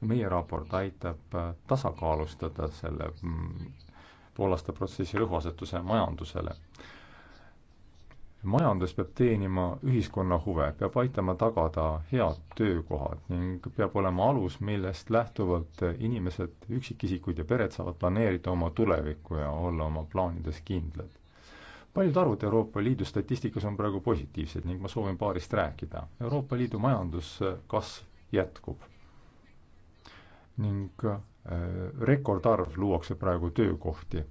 meie raport aitab äh, tasakaalustada selle mm, poolaasta protsessi rõhuasetuse majandusele. majandus peab teenima ühiskonna huve, peab aitama tagada head töökohad ning peab olema alus, millest lähtuvalt inimesed, üksikisikud ja pered saavad planeerida oma tulevikku ja olla oma plaanides kindlad. paljud arvud Euroopa Liidu statistikas on praegu positiivsed ning ma soovin paarist rääkida. Euroopa Liidu majanduskasv jätkub ning äh, rekordarv luuakse praegu töökohti.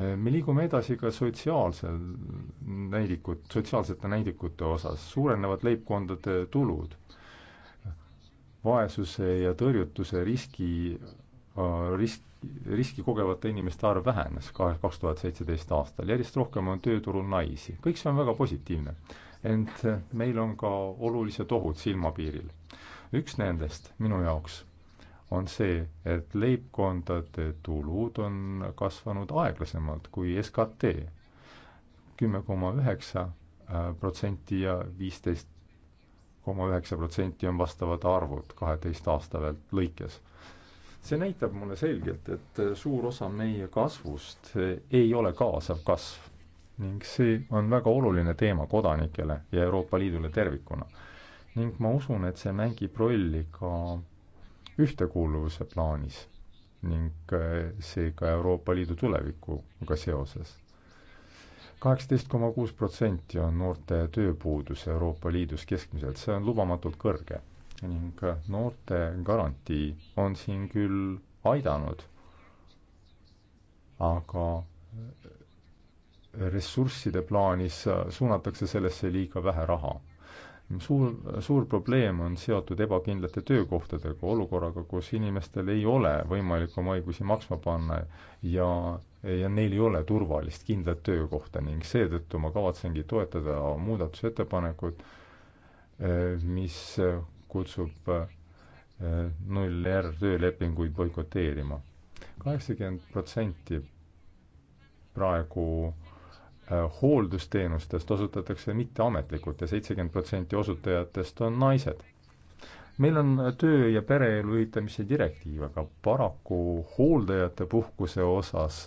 Äh, me liigume edasi ka sotsiaalsel näidikut, sotsiaalsete näidikute osas, suurenevad leibkondade tulud, vaesuse ja tõrjutuse riski, äh, risk, riski kogevate inimeste arv vähenes kahe, kaks tuhat seitseteist aastal, järjest rohkem on tööturul naisi, kõik see on väga positiivne. ent meil on ka olulised ohud silmapiiril. üks nendest minu jaoks on see, et leibkondade tulud on kasvanud aeglasemalt kui SKT, kümme koma üheksa protsenti ja viisteist koma üheksa protsenti on vastavad arvud kaheteist aasta vält lõikes. see näitab mulle selgelt, et suur osa meie kasvust ei ole kaasav kasv ning see on väga oluline teema kodanikele ja Euroopa Liidule tervikuna. ning ma usun, et see mängib rolli ka ühtekuuluvuse plaanis ning eh, seega Euroopa Liidu tulevikuga seoses. kaheksateist koma kuus protsenti on noorte tööpuudus Euroopa Liidus keskmiselt, see on lubamatult kõrge ning eh, noorte garantii on siin küll aidanud, aga eh, ressursside plaanis suunatakse sellesse liiga vähe raha suur, suur probleem on seotud ebakindlate töökohtadega, olukorraga, kus inimestel ei ole võimalik oma õigusi maksma panna ja, ja neil ei ole turvalist kindlat töökohta ning seetõttu ma kavatsengi toetada muudatusettepanekut, eh, mis kutsub eh, null R töölepinguid boikoteerima. kaheksakümmend protsenti praegu äh, Äh, hooldusteenustest osutatakse mitteametlikult ja seitsekümmend protsenti osutajatest on naised. meil on töö- ja pereelu ühitamise direktiiv, aga paraku hooldajate puhkuse osas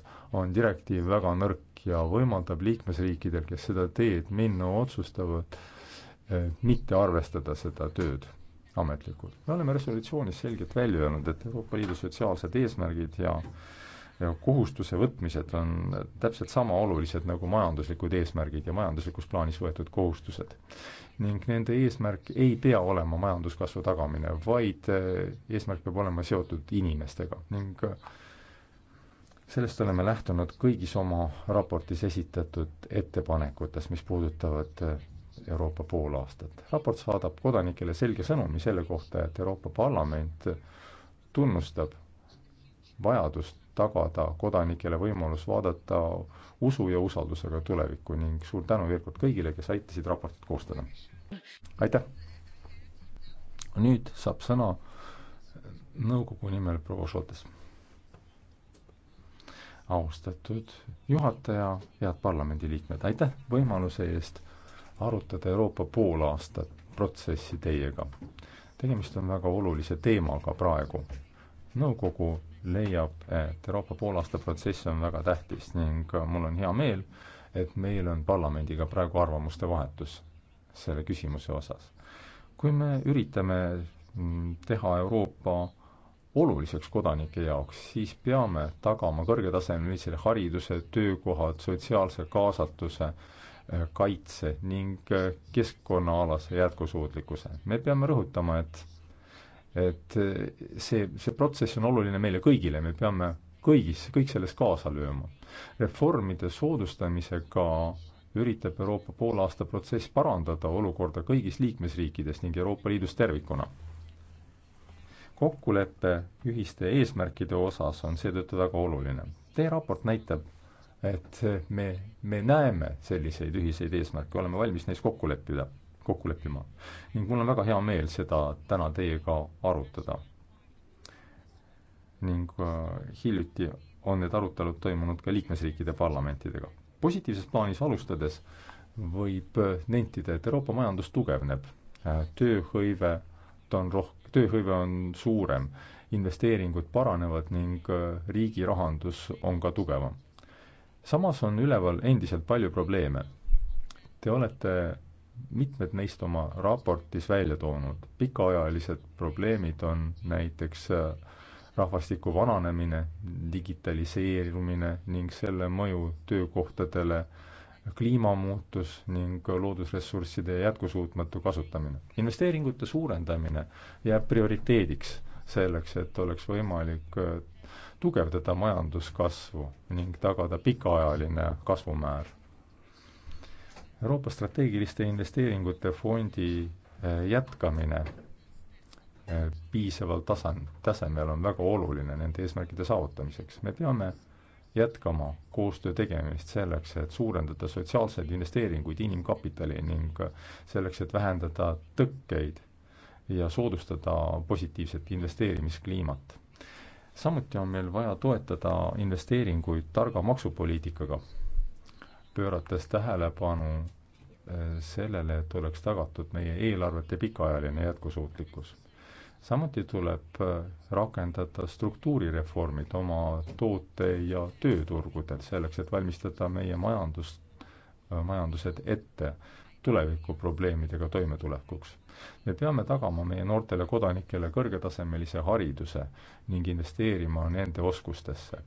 on direktiiv väga nõrk ja võimaldab liikmesriikidel, kes seda teed minna otsustavad, äh, mitte arvestada seda tööd ametlikult. me oleme resolutsioonis selgelt välja öelnud, et Euroopa Liidu sotsiaalsed eesmärgid ja kohustuse võtmised on täpselt sama olulised nagu majanduslikud eesmärgid ja majanduslikus plaanis võetud kohustused. ning nende eesmärk ei pea olema majanduskasvu tagamine, vaid eh, eesmärk peab olema seotud inimestega ning eh, sellest oleme lähtunud kõigis oma raportis esitatud ettepanekutes, mis puudutavad eh, Euroopa poolaastat. raport saadab kodanikele selge sõnumi selle kohta, et Euroopa Parlament tunnustab vajadust tagada kodanikele võimalus vaadata usu ja usaldusega tulevikku ning suur tänu veel kord kõigile, kes aitasid raportit koostada. aitäh! nüüd saab sõna nõukogu nimel proua Šotes. austatud juhataja, head parlamendiliikmed, aitäh võimaluse eest arutada Euroopa poolaastat protsessi teiega. tegemist on väga olulise teemaga praegu. nõukogu leiab, et Euroopa poolaasta protsess on väga tähtis ning mul on hea meel, et meil on parlamendiga praegu arvamuste vahetus selle küsimuse osas. kui me üritame mm, teha Euroopa oluliseks kodanike jaoks, siis peame tagama kõrgetasemelisele hariduse, töökohad, sotsiaalse kaasatuse, äh, kaitse ning äh, keskkonnaalase jätkusuutlikkuse. me peame rõhutama, et et eh, see, see protsess on oluline meile kõigile, me peame kõigis, kõik selles kaasa lööma. reformide soodustamisega üritab Euroopa poolaasta protsess parandada olukorda kõigis liikmesriikides ning Euroopa Liidus tervikuna. kokkulepe ühiste eesmärkide osas on seetõttu väga oluline. Teie raport näitab, et me, me näeme selliseid ühiseid eesmärke, oleme valmis neis kokku leppida kokku leppima. ning mul on väga hea meel seda täna teiega arutada. ning äh, hiljuti on need arutelud toimunud ka liikmesriikide parlamentidega. positiivses plaanis alustades võib äh, nentida, et Euroopa majandus tugevneb, äh, tööhõive ta on roh-, tööhõive on suurem, investeeringud paranevad ning riigi rahandus on ka tugevam. samas on üleval endiselt palju probleeme. Te olete mitmed neist oma raportis välja toonud. pikaajalised probleemid on näiteks äh, rahvastiku vananemine, digitaliseerumine ning selle mõju töökohtadele, kliimamuutus ning loodusressursside jätkusuutmatu kasutamine. investeeringute suurendamine jääb prioriteediks selleks, et oleks võimalik äh, tugevdada majanduskasvu ning tagada pikaajaline kasvumäär Euroopa strateegiliste investeeringute fondi äh, jätkamine äh, piisaval tasand, tasemel on väga oluline nende eesmärkide saavutamiseks. me peame jätkama koostöö tegemist selleks, et suurendada sotsiaalseid investeeringuid inimkapitali ning äh, selleks, et vähendada tõkkeid ja soodustada positiivset investeerimiskliimat. samuti on meil vaja toetada investeeringuid targa maksupoliitikaga pöörates tähelepanu eh, sellele, et oleks tagatud meie eelarvete pikaajaline jätkusuutlikkus. samuti tuleb eh, rakendada struktuurireformid oma toote- ja tööturgudel, selleks et valmistada meie majandust, eh, majandused ette tulevikuprobleemidega toimetulekuks. me peame tagama meie noortele kodanikele kõrgetasemelise hariduse ning investeerima nende oskustesse.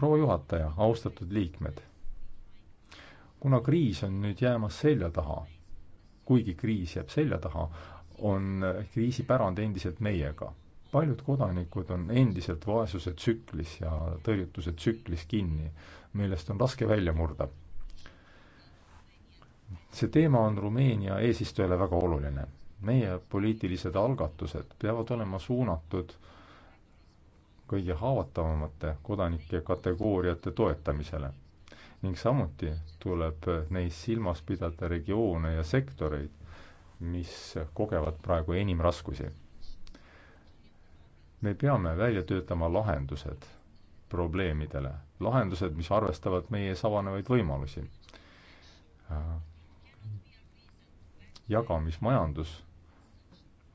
proua juhataja, austatud liikmed kuna kriis on nüüd jäämas selja taha, kuigi kriis jääb selja taha, on kriisipärand endiselt meiega. paljud kodanikud on endiselt vaesuse tsüklis ja tõrjutuse tsüklis kinni, millest on raske välja murda. see teema on Rumeenia eesistujale väga oluline. meie poliitilised algatused peavad olema suunatud kõige haavatavamate kodanike kategooriate toetamisele ning samuti tuleb neis silmas pidada regioone ja sektoreid, mis kogevad praegu enim raskusi. me peame välja töötama lahendused probleemidele, lahendused, mis arvestavad meie ees avanevaid võimalusi. jagamismajandus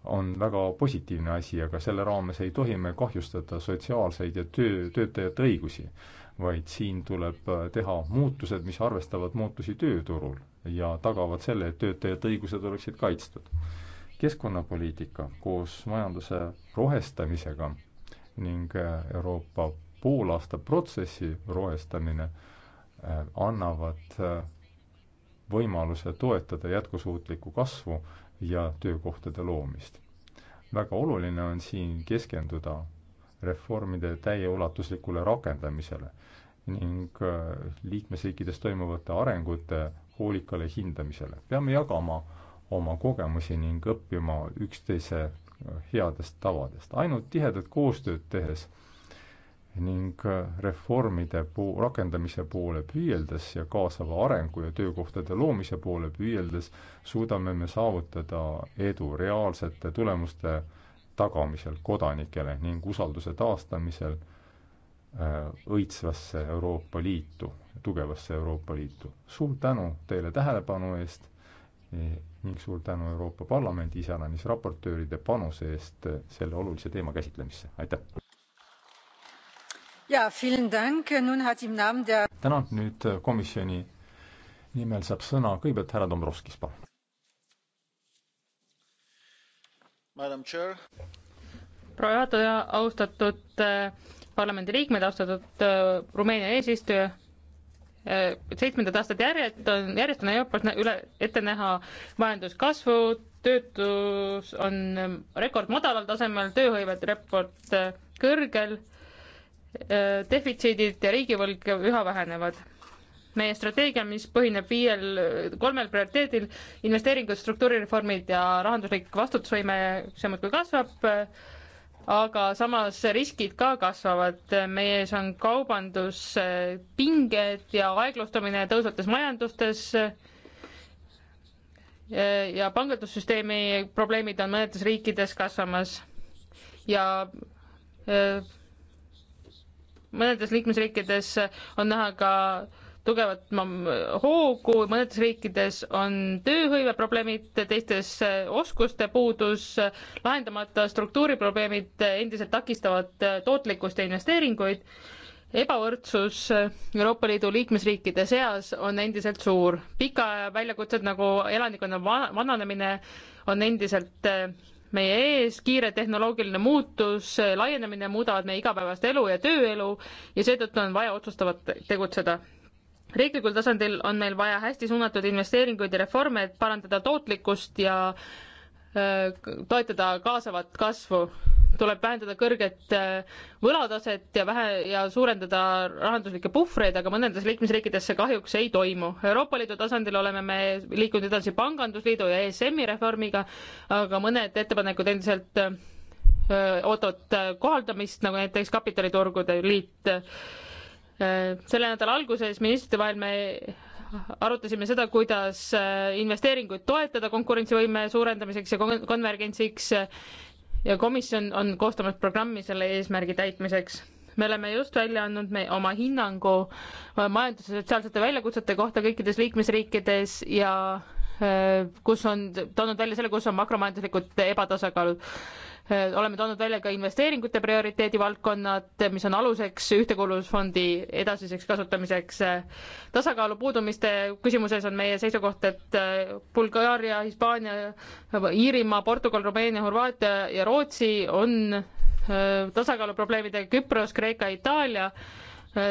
on väga positiivne asi, aga selle raames ei tohi me kahjustada sotsiaalseid ja töö, töötajate õigusi, vaid siin tuleb äh, teha muutused, mis arvestavad muutusi tööturul ja tagavad selle, et töötajate õigused oleksid kaitstud. keskkonnapoliitika koos majanduse rohestamisega ning äh, Euroopa poolaasta protsessi rohestamine äh, annavad võimaluse toetada jätkusuutlikku kasvu ja töökohtade loomist. väga oluline on siin keskenduda reformide täieulatuslikule rakendamisele ning äh, liikmesriikides toimuvate arengute hoolikale hindamisele. peame jagama oma kogemusi ning õppima üksteise äh, headest tavadest. ainult tihedat koostööd tehes ning äh, reformide puu-, rakendamise poole püüeldes ja kaasava arengu ja töökohtade loomise poole püüeldes suudame me saavutada edu reaalsete tulemuste tagamisel kodanikele ning usalduse taastamisel äh, õitsvasse Euroopa Liitu, tugevasse Euroopa Liitu. suur tänu teile tähelepanu eest e, ning suur tänu Euroopa Parlamendi iseäranis raportööride panuse eest äh, selle olulise teema käsitlemisse, aitäh! tänan, nüüd komisjoni nimel saab sõna kõigepealt härra Dombrovskis, palun. proua juhataja, austatud eh, parlamendiliikmed, austatud eh, Rumeenia eesistuja, eh, seitsmendat aastat järjet on, järjest on Euroopas üle, ette näha majanduskasvu, töötus on rekordmadalal tasemel, tööhõivet rekord kõrgel Äh, defitsiidid ja riigivõlg üha vähenevad. meie strateegia, mis põhineb viiel, kolmel prioriteedil, investeeringud, struktuurireformid ja rahanduslik vastutusvõime samuti kasvab, aga samas riskid ka kasvavad. meie ees on kaubanduspinged ja aeglustumine tõusvates majandustes äh, ja pangandussüsteemi probleemid on mõnedes riikides kasvamas ja äh, mõnedes liikmesriikides on näha ka tugevat hoogu, mõnedes riikides on tööhõive probleemid, teistes oskuste puudus, lahendamata struktuuriprobleemid endiselt takistavad tootlikkust ja investeeringuid. ebavõrdsus Euroopa Liidu liikmesriikide seas on endiselt suur. pika aja väljakutsed nagu elanikkonna vananemine on endiselt meie ees, kiire tehnoloogiline muutus, laienemine muudavad meie igapäevast elu ja tööelu ja seetõttu on vaja otsustavalt tegutseda. riiklikul tasandil on meil vaja hästi suunatud investeeringuid ja reforme, et parandada tootlikkust ja äh, toetada kaasavat kasvu tuleb vähendada kõrget äh, võlataset ja vähe ja suurendada rahanduslikke puhvreid, aga mõnedes liikmesriikides see kahjuks ei toimu. Euroopa Liidu tasandil oleme me liikunud edasi Pangandusliidu ja ESM-i reformiga, aga mõned ettepanekud endiselt äh, ootavad äh, kohaldamist, nagu näiteks kapitaliturgude liit. selle nädala alguses ministrite vahel me arutasime seda, kuidas investeeringuid toetada konkurentsivõime suurendamiseks ja konvergentsiks ja komisjon on koostamas programmi selle eesmärgi täitmiseks. me oleme just välja andnud me oma hinnangu äh, majandus- ja sotsiaalsete väljakutsete kohta kõikides liikmesriikides ja äh, kus on toonud välja selle, kus on makromajanduslikud ebatasakaalud Äh, oleme toonud välja ka investeeringute prioriteedi valdkonnad, mis on aluseks Ühtekuuluvusfondi edasiseks kasutamiseks. tasakaalu puudumiste küsimuses on meie seisukoht, et äh, Bulgaaria, Hispaania, Iirimaa, Portugal, Rumeenia, Horvaatia ja Rootsi on äh, tasakaaluprobleemidega, Küpros, Kreeka, Itaalia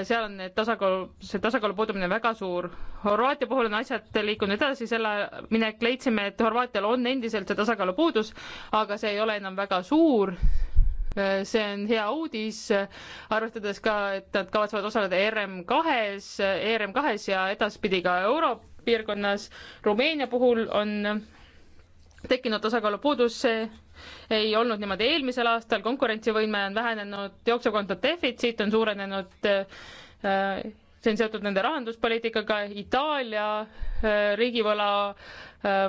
seal on need tasakaalu, see tasakaalu puudumine väga suur. Horvaatia puhul on asjad liikunud edasi, selle minek leidsime, et Horvaatial on endiselt see tasakaalu puudus, aga see ei ole enam väga suur. see on hea uudis, arvestades ka, et nad kavatsevad osaleda RM kahes, ERM kahes ja edaspidi ka Euro piirkonnas. Rumeenia puhul on tekkinud tasakaalu puudus, see ei olnud niimoodi eelmisel aastal, konkurentsivõime on vähenenud, jooksevkonto defitsiit on suurenenud äh, see on seotud nende rahanduspoliitikaga, Itaalia äh, riigivõla äh,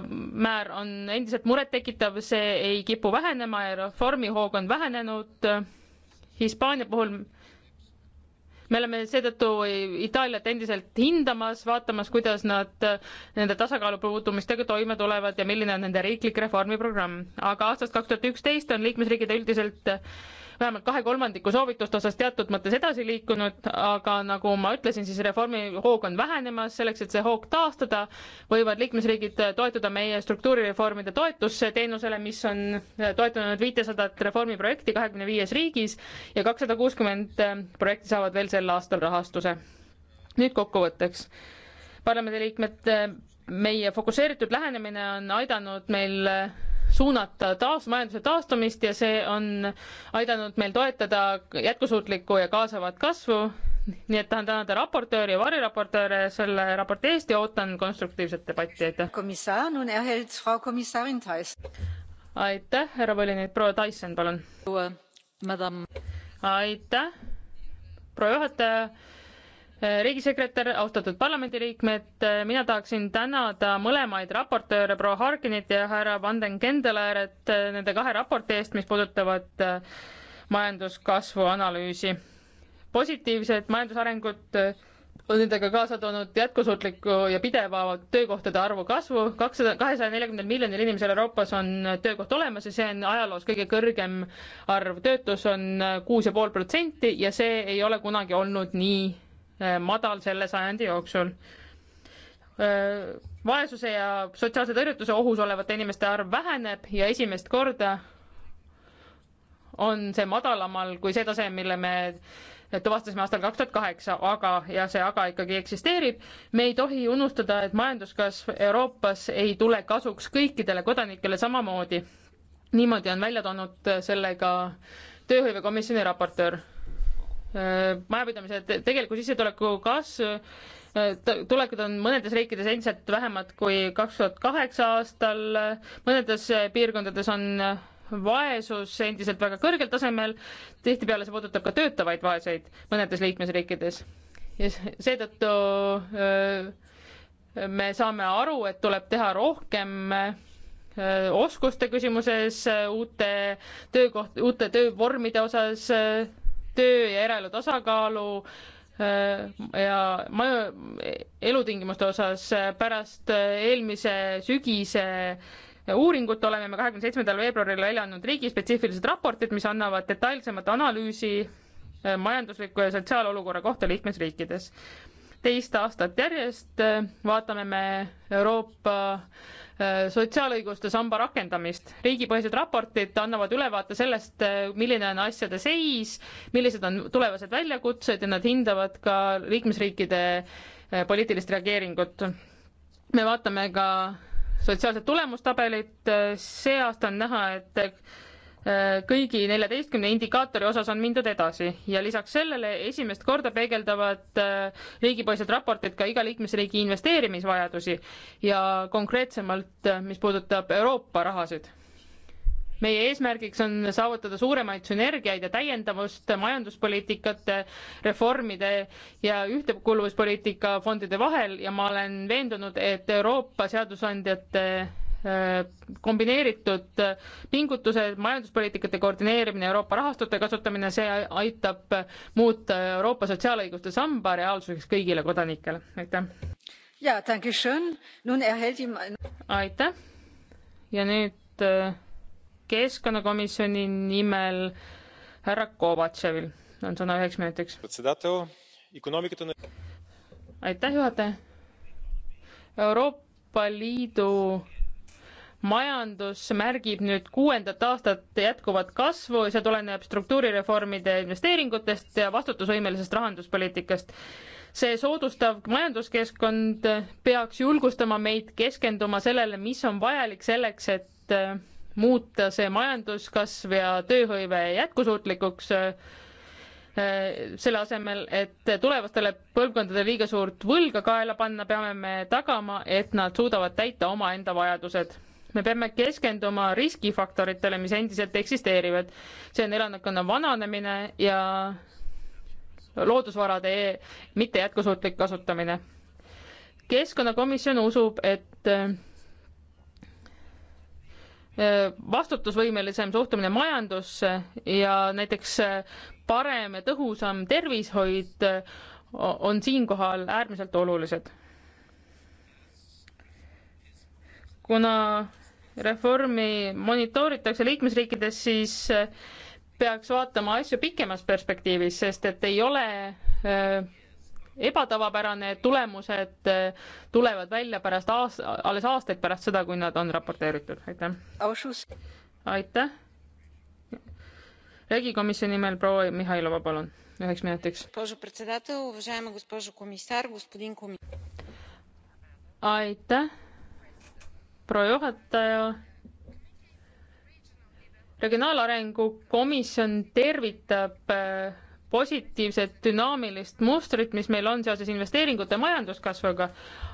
määr on endiselt murettekitav, see ei kipu vähenema ja reformihoog on vähenenud. Hispaania puhul me oleme seetõttu Itaaliat endiselt hindamas, vaatamas, kuidas nad nende tasakaalu puudumistega toime tulevad ja milline on nende riiklik reformiprogramm. aga aastast kaks tuhat üksteist on liikmesriigid üldiselt vähemalt kahe kolmandiku soovitust osas teatud mõttes edasi liikunud, aga nagu ma ütlesin, siis reformi hoog on vähenemas, selleks et see hoog taastada, võivad liikmesriigid toetuda meie struktuurireformide toetusteenusele, mis on toetanud viitesadat reformiprojekti kahekümne viies riigis ja kakssada kuuskümmend projekti saavad veel sel aastal rahastuse. nüüd kokkuvõtteks. parlamendiliikmed, meie fokusseeritud lähenemine on aidanud meil suunata taas, majanduse taastumist ja see on aidanud meil toetada jätkusuutlikku ja kaasavat kasvu. nii et tahan tänada raportööri ja variraportööre selle raporti eest ja ootan konstruktiivset debatti, aitäh. aitäh, härra volinik, proua Tyson, palun. aitäh, proua juhataja Äh, riigisekretär, austatud parlamendiliikmed, äh, mina tahaksin tänada mõlemaid raportööre, proua Harkinit ja härra Vanden Kendelaeret äh, nende kahe raporti eest, mis puudutavad majanduskasvu analüüsi. positiivsed majandusarengud on nendega kaasa toonud jätkusuutliku ja pideva töökohtade arvu kasvu, kakssada, kahesaja neljakümnel miljonil inimesel Euroopas on töökoht olemas ja see on ajaloos kõige kõrgem arv, töötus on kuus ja pool protsenti ja see ei ole kunagi olnud nii Äh, madal selle sajandi jooksul. Äh, vaesuse ja sotsiaalse tõrjutuse ohus olevate inimeste arv väheneb ja esimest korda on see madalamal kui see tase, mille me tuvastasime aastal kaks tuhat kaheksa, aga, ja see aga ikkagi eksisteerib, me ei tohi unustada, et majanduskasv Euroopas ei tule kasuks kõikidele kodanikele samamoodi. niimoodi on välja toonud selle ka tööhõivekomisjoni raportöör Äh, majapidamise tegeliku sissetuleku kasv, äh, tulekud on mõnedes riikides endiselt vähemad kui kaks tuhat kaheksa aastal, mõnedes äh, piirkondades on vaesus endiselt väga kõrgel tasemel, tihtipeale see puudutab ka töötavaid vaeseid mõnedes liikmesriikides. ja seetõttu me saame aru, et tuleb teha rohkem oskuste küsimuses, uute töökoht, uute töövormide osas, töö ja eraelu tasakaalu äh, ja maju, elutingimuste osas äh, pärast äh, eelmise sügise uuringut oleme me kahekümne seitsmendal veebruaril välja andnud riigispetsiifilised raportid, mis annavad detailsemat analüüsi majandusliku ja sotsiaalolukorra kohta liikmesriikides teist aastat järjest vaatame me Euroopa äh, sotsiaalõiguste samba rakendamist. riigipõhised raportid annavad ülevaate sellest, äh, milline on asjade seis, millised on tulevased väljakutsed ja nad hindavad ka liikmesriikide äh, poliitilist reageeringut. me vaatame ka sotsiaalset tulemustabelit, see aasta on näha, et Äh, kõigi neljateistkümne indikaatori osas on mindud edasi ja lisaks sellele esimest korda peegeldavad äh, riigipõhised raportid ka iga liikmesriigi investeerimisvajadusi ja konkreetsemalt, äh, mis puudutab Euroopa rahasid. meie eesmärgiks on saavutada suuremaid sünergiaid ja täiendavust majanduspoliitikate, reformide ja ühtekuuluvuspoliitika fondide vahel ja ma olen veendunud, et Euroopa seadusandjate Äh, kombineeritud pingutused, majanduspoliitikate koordineerimine, Euroopa rahastute kasutamine, see aitab muuta Euroopa sotsiaalõiguste samba reaalsuseks kõigile kodanikele, aitäh. ja, aitäh ja nüüd äh, keskkonnakomisjoni nimel härra Kovatševil on sõna üheks minutiks. aitäh, juhataja. Euroopa Liidu majandus märgib nüüd kuuendat aastat jätkuvat kasvu, see tuleneb struktuurireformide investeeringutest ja vastutusvõimelisest rahanduspoliitikast. see soodustav majanduskeskkond peaks julgustama meid keskenduma sellele, mis on vajalik selleks, et äh, muuta see majanduskasv ja tööhõive jätkusuutlikuks äh, selle asemel, et tulevastele põlvkondadele liiga suurt võlga kaela panna, peame me tagama, et nad suudavad täita omaenda vajadused me peame keskenduma riskifaktoritele, mis endiselt eksisteerivad. see on elanikkonna vananemine ja loodusvarade mitte jätkusuutlik kasutamine. keskkonnakomisjon usub, et äh, vastutusvõimelisem suhtumine majandusse ja näiteks äh, parem ja tõhusam tervishoid äh, on siinkohal äärmiselt olulised. kuna reformi monitooritakse liikmesriikides, siis äh, peaks vaatama asju pikemas perspektiivis, sest et ei ole äh, ebatavapärane, tulemused äh, tulevad välja pärast aasta, alles aastaid pärast seda, kui nad on raporteeritud, aitäh. aitäh. regikomisjoni nimel proua Mihhailova, palun, üheks minutiks. aitäh proua juhataja. regionaalarengu komisjon tervitab äh, positiivset dünaamilist mustrit, mis meil on seoses investeeringute majanduskasvuga,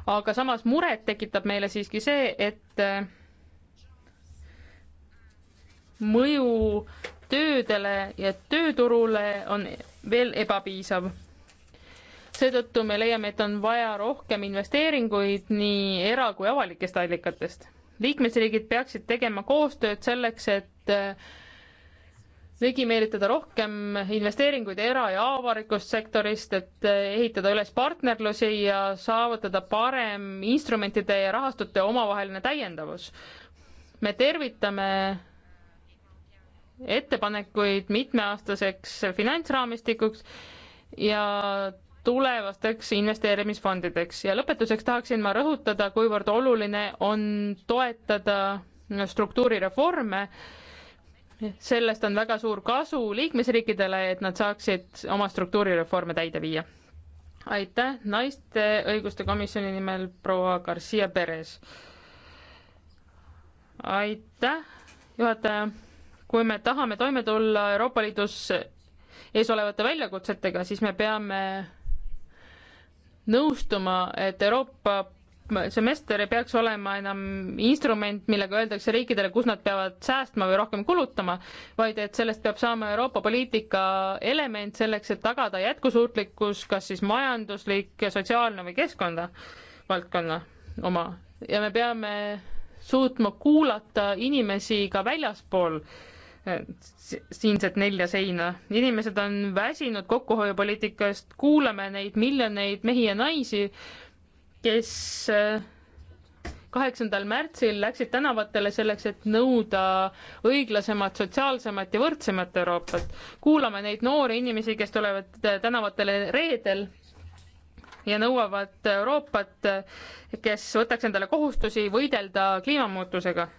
aga samas muret tekitab meile siiski see, et äh, mõju töödele ja tööturule on veel ebapiisav seetõttu me leiame, et on vaja rohkem investeeringuid nii era- kui avalikest allikatest. liikmesriigid peaksid tegema koostööd selleks, et äh, ligi meelitada rohkem investeeringuid era- ja avalikust sektorist, et äh, ehitada üles partnerlusi ja saavutada parem instrumentide ja rahastute omavaheline täiendavus. me tervitame ettepanekuid mitmeaastaseks finantsraamistikuks ja tulevasteks investeerimisfondideks ja lõpetuseks tahaksin ma rõhutada, kuivõrd oluline on toetada struktuurireforme. sellest on väga suur kasu liikmesriikidele, et nad saaksid oma struktuurireforme täide viia. aitäh, naiste õiguste komisjoni nimel proua Garcia Perez. aitäh, juhataja. kui me tahame toime tulla Euroopa Liidus ees olevate väljakutsetega, siis me peame nõustuma, et Euroopa semester ei peaks olema enam instrument, millega öeldakse riikidele, kus nad peavad säästma või rohkem kulutama, vaid et sellest peab saama Euroopa poliitika element selleks, et tagada jätkusuutlikkus, kas siis majanduslik, sotsiaalne või keskkonda, valdkonna oma. ja me peame suutma kuulata inimesi ka väljaspool äh, siinset nelja seina. inimesed on väsinud kokkuhoiupoliitikast, kuulame neid miljoneid mehi ja naisi, kes äh, kaheksandal märtsil läksid tänavatele selleks, et nõuda õiglasemat, sotsiaalsemat ja võrdsemat Euroopat. kuulame neid noori inimesi, kes tulevad äh, tänavatele reedel ja nõuavad Euroopat, äh, kes võtaks endale kohustusi võidelda kliimamuutusega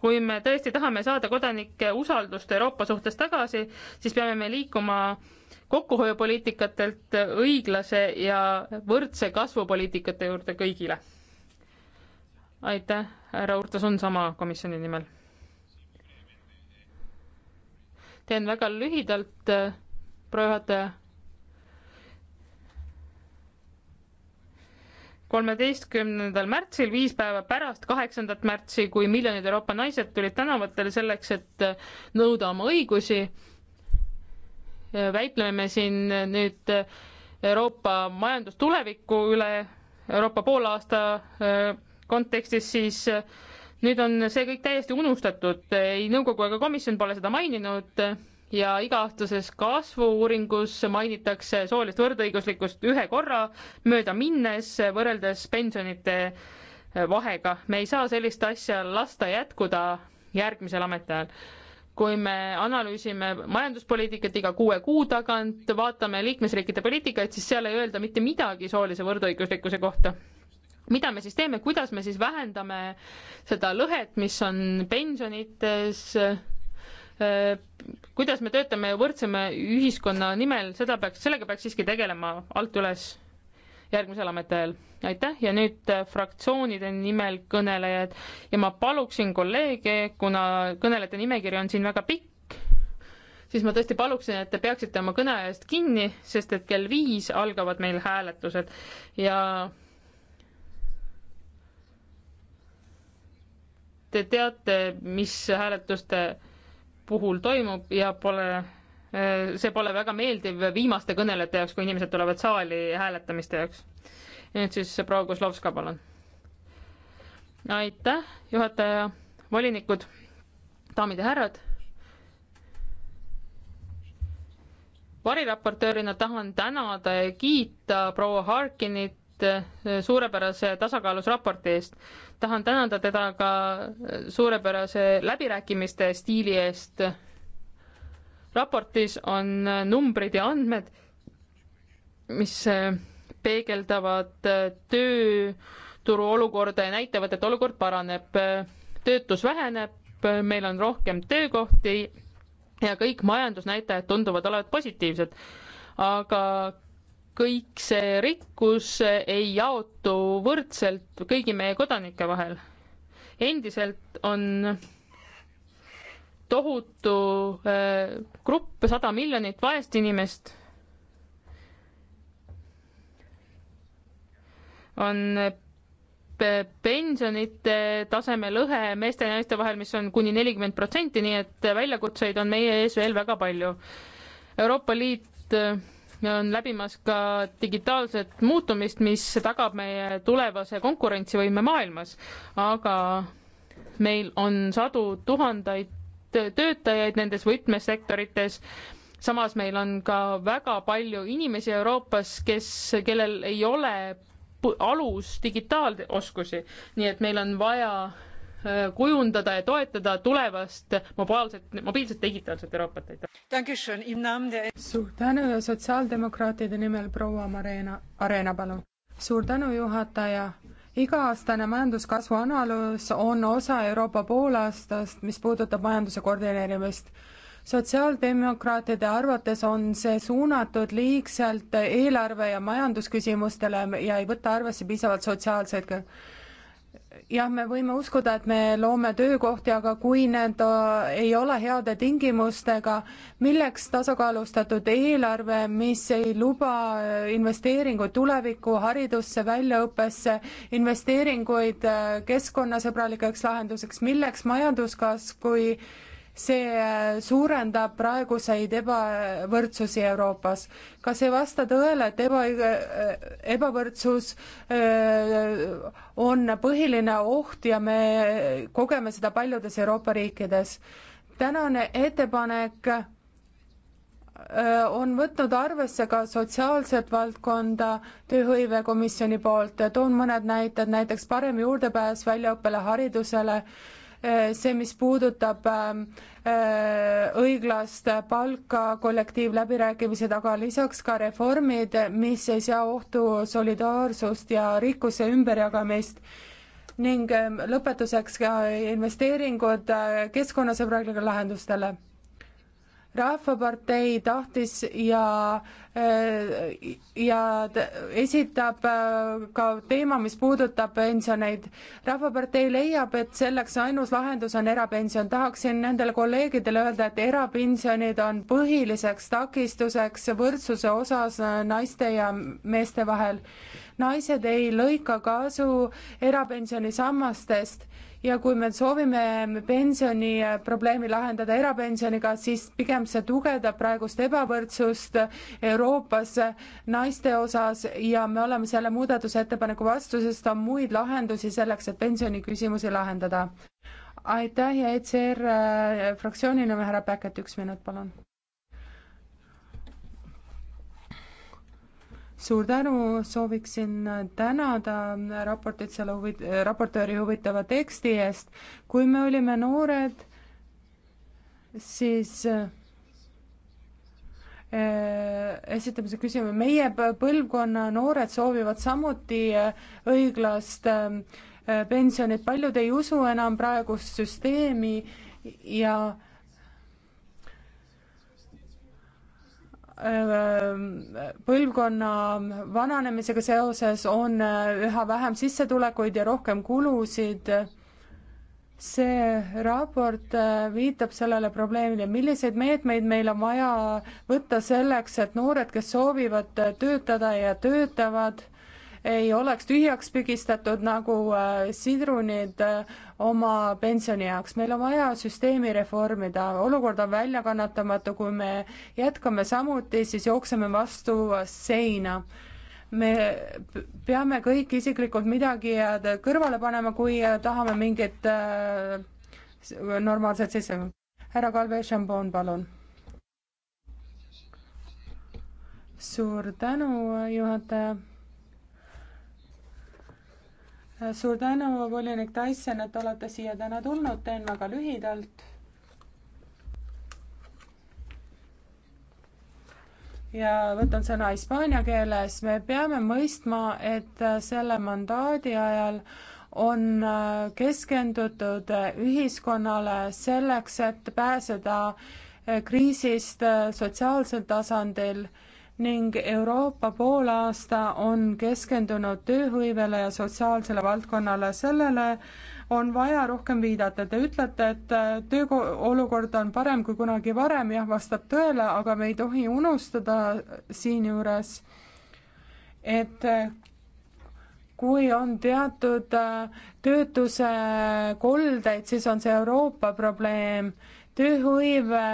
kui me tõesti tahame saada kodanike usaldust Euroopa suhtes tagasi, siis peame me liikuma kokkuhoiupoliitikatelt õiglase ja võrdse kasvupoliitikate juurde kõigile. aitäh, härra Urtasun sama komisjoni nimel. teen väga lühidalt, proua juhataja kolmeteistkümnendal märtsil, viis päeva pärast kaheksandat märtsi, kui miljonid Euroopa naised tulid tänavatele selleks, et äh, nõuda oma õigusi. väitleme me siin nüüd äh, Euroopa majandustuleviku üle Euroopa poolaasta äh, kontekstis, siis nüüd on see kõik täiesti unustatud, ei nõukogu ega komisjon pole seda maininud ja iga-aastases kasvu-uuringus mainitakse soolist võrdõiguslikkust ühe korra mööda minnes võrreldes pensionite äh, vahega. me ei saa sellist asja lasta jätkuda järgmisel ametiajal. kui me analüüsime majanduspoliitikat iga kuue kuu tagant, vaatame liikmesriikide poliitikaid, siis seal ei öelda mitte midagi soolise võrdõiguslikkuse kohta mida me siis teeme, kuidas me siis vähendame seda lõhet, mis on pensionites kuidas me töötame võrdsema ühiskonna nimel, seda peaks, sellega peaks siiski tegelema alt üles järgmisel ametiajal. aitäh ja nüüd äh, fraktsioonide nimel kõnelejad ja ma paluksin kolleege, kuna kõnelejate nimekiri on siin väga pikk, siis ma tõesti paluksin, et te peaksite oma kõne eest kinni, sest et kell viis algavad meil hääletused ja te teate, mis hääletuste puhul toimub ja pole, see pole väga meeldiv viimaste kõnelejate jaoks, kui inimesed tulevad saali hääletamiste jaoks. nüüd siis proua Kozlovska, palun. aitäh, juhataja, volinikud, daamid ja härrad. variraportöörina tahan tänada ja kiita proua Harkinit Schmidtit eh, suurepärase tasakaalus raporti eest. tahan tänada teda ka eh, suurepärase läbirääkimiste stiili eest. raportis on eh, numbrid ja andmed, mis peegeldavad tööturu olukorda ja näitavad, et olukord paraneb. töötus väheneb, meil on rohkem töökohti ja kõik majandusnäitajad tunduvad olevat positiivsed. aga kõik see rikkus ei jaotu võrdselt kõigi meie kodanike vahel. endiselt on tohutu äh, grupp, sada miljonit vaest inimest on äh, pensionite taseme lõhe meeste ja naiste vahel, mis on kuni nelikümmend protsenti, nii et väljakutseid on meie ees veel väga palju. Euroopa Liit äh, me on läbimas ka digitaalset muutumist, mis tagab meie tulevase konkurentsivõime maailmas, aga meil on sadu tuhandeid töötajaid nendes võtmesektorites, samas meil on ka väga palju inimesi Euroopas, kes, kellel ei ole alus digitaaloskusi, nii et meil on vaja Äh, kujundada ja toetada tulevast mobiilset, mobiilset digitaalset Euroopat, aitäh! suur tänu ja sotsiaaldemokraatide nimel proua Marena, Arena, palun! suur tänu, juhataja! iga-aastane majanduskasvu analüüs on osa Euroopa poolaastast, mis puudutab majanduse koordineerimist sotsiaaldemokraatide arvates on see suunatud liigselt eelarve ja majandusküsimustele ja ei võta arvesse piisavalt sotsiaalseid jah, me võime uskuda, et me loome töökohti, aga kui need äh, ei ole heade tingimustega, milleks tasakaalustatud eelarve, mis ei luba äh, investeeringuid tulevikku, haridusse, väljaõppesse, investeeringuid äh, keskkonnasõbralikeks lahenduseks, milleks majanduskasv, kui see äh, suurendab praeguseid ebavõrdsusi Euroopas. kas ei vasta tõele, et eba, äh, ebavõrdsus äh, on põhiline oht ja me kogeme seda paljudes Euroopa riikides? tänane ettepanek on võtnud arvesse ka sotsiaalset valdkonda tööhõivekomisjoni poolt, toon mõned näited, näiteks parem juurdepääs väljaõppele, haridusele, Äh, see, mis puudutab ähm, äh, õiglast palka, kollektiivläbirääkimised, aga lisaks ka reformid, mis ei sea ohtu solidaarsust ja rikkuse ümberjagamist ning ähm, lõpetuseks ka investeeringud äh, keskkonnasõbralikele lahendustele rahvapartei tahtis ja, ja esitab äh, ka teema, mis puudutab pensioneid. rahvapartei leiab, et selleks ainus lahendus on erapension. tahaksin nendele kolleegidele öelda, et erapensionid on põhiliseks takistuseks võrdsuse osas naiste ja meeste vahel. naised ei lõika kasu erapensionisammastest ja kui me soovime pensioniprobleemi lahendada erapensioniga, siis pigem see tugevdab praegust ebavõrdsust Euroopas naiste osas ja me oleme selle muudatusettepaneku vastu, sest on muid lahendusi selleks, et pensioniküsimusi lahendada. aitäh ja ECR äh, fraktsiooni nimel härra Päket, üks minut, palun suur tänu, sooviksin tänada raportit selle huvi, raportööri huvitava teksti eest. kui me olime noored, siis äh, esitamise küsimus, meie põlvkonna noored soovivad samuti äh, õiglast äh, pensionit, paljud ei usu enam praegust süsteemi ja põlvkonna vananemisega seoses on äh, üha vähem sissetulekuid ja rohkem kulusid. see raport äh, viitab sellele probleemile, milliseid meetmeid meil on vaja võtta selleks, et noored, kes soovivad äh, töötada ja töötavad, ei oleks tühjaks pigistatud nagu äh, sidrunid äh, oma pensioni jaoks. meil on vaja süsteemi reformida, olukord on väljakannatamatu, kui me jätkame samuti, siis jookseme vastu seina me peame kõik isiklikult midagi äh, kõrvale panema, kui tahame mingit normaalset sisse. härra Kalvi Šambon, palun. suur tänu, juhataja suur tänu, volinik Tyson, et olete siia täna tulnud, teen väga lühidalt. ja võtan sõna hispaania keeles, me peame mõistma, et selle mandaadi ajal on keskendutud ühiskonnale selleks, et pääseda kriisist sotsiaalsel tasandil ning Euroopa poolaasta on keskendunud tööhõivele ja sotsiaalsele valdkonnale, sellele on vaja rohkem viidata, te ütlete, et äh, töö olukord on parem kui kunagi varem, jah, vastab tõele, aga me ei tohi unustada siinjuures, et äh, kui on teatud äh, töötuse koldeid, siis on see Euroopa probleem, tööhõive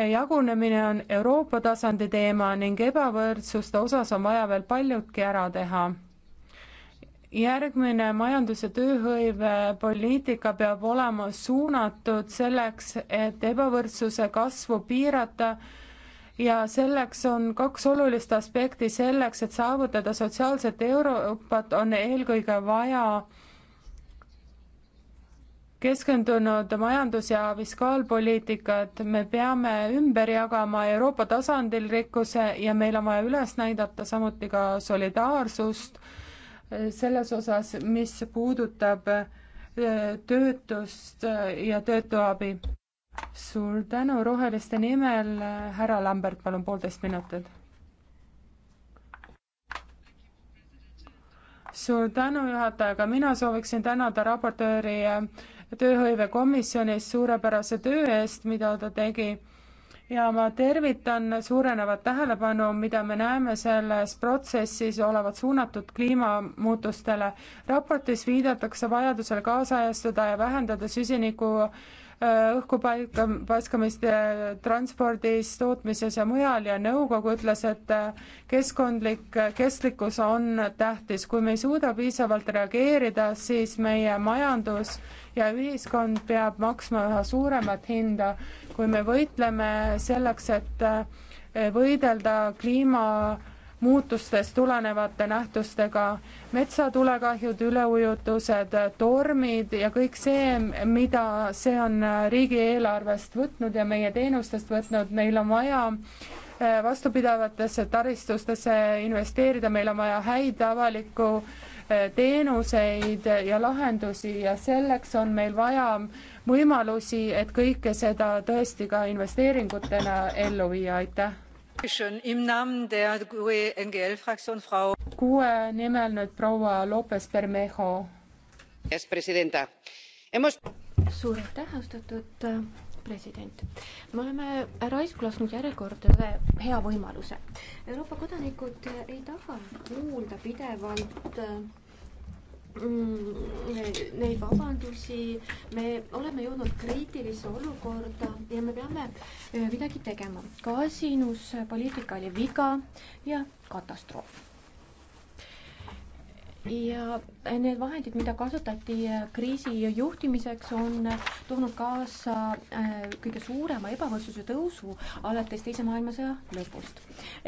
jagunemine on Euroopa tasandi teema ning ebavõrdsuste osas on vaja veel paljutki ära teha. järgmine majandus- ja tööhõivepoliitika peab olema suunatud selleks, et ebavõrdsuse kasvu piirata ja selleks on kaks olulist aspekti, selleks, et saavutada sotsiaalset Euroopat, on eelkõige vaja keskendunud majandus- ja fiskaalpoliitikat, me peame ümber jagama Euroopa tasandil rikkuse ja meil on vaja üles näidata samuti ka solidaarsust selles osas, mis puudutab töötust ja töötuabi. suur tänu Roheliste nimel, härra Lambert, palun poolteist minutit. suur tänu, juhataja, ka mina sooviksin tänada raportööri tööhõivekomisjonis suurepärase töö eest, mida ta tegi ja ma tervitan suurenevat tähelepanu, mida me näeme selles protsessis olevat suunatud kliimamuutustele. raportis viidatakse vajadusel kaasajastada ja vähendada süsiniku õhku paika, paiskamist äh, transpordis, tootmises ja mujal ja nõukogu ütles, et äh, keskkondlik äh, kestlikkus on tähtis. kui me ei suuda piisavalt reageerida, siis meie majandus ja ühiskond peab maksma üha suuremat hinda. kui me võitleme selleks, et võidelda kliima muutustest tulenevate nähtustega, metsatulekahjud, üleujutused, tormid ja kõik see, mida see on riigieelarvest võtnud ja meie teenustest võtnud, meil on vaja eh, vastupidavatesse taristustesse investeerida, meil on vaja häid avalikku eh, teenuseid ja lahendusi ja selleks on meil vaja võimalusi, et kõike seda tõesti ka investeeringutena ellu viia, aitäh! kuue e nimel nüüd proua Lopez Bermejo. suur aitäh, austatud äh, president. me oleme raisku lasknud järjekordade hea võimaluse. Euroopa kodanikud äh, ei taha kuulda pidevalt äh, Mm, neid vabandusi, me oleme jõudnud kriitilisse olukorda ja me peame eh, midagi tegema. kaasinuspoliitika oli viga ja katastroof ja need vahendid, mida kasutati kriisi juhtimiseks, on toonud kaasa äh, kõige suurema ebavõrdsuse tõusu alates Teise maailmasõja lõpust.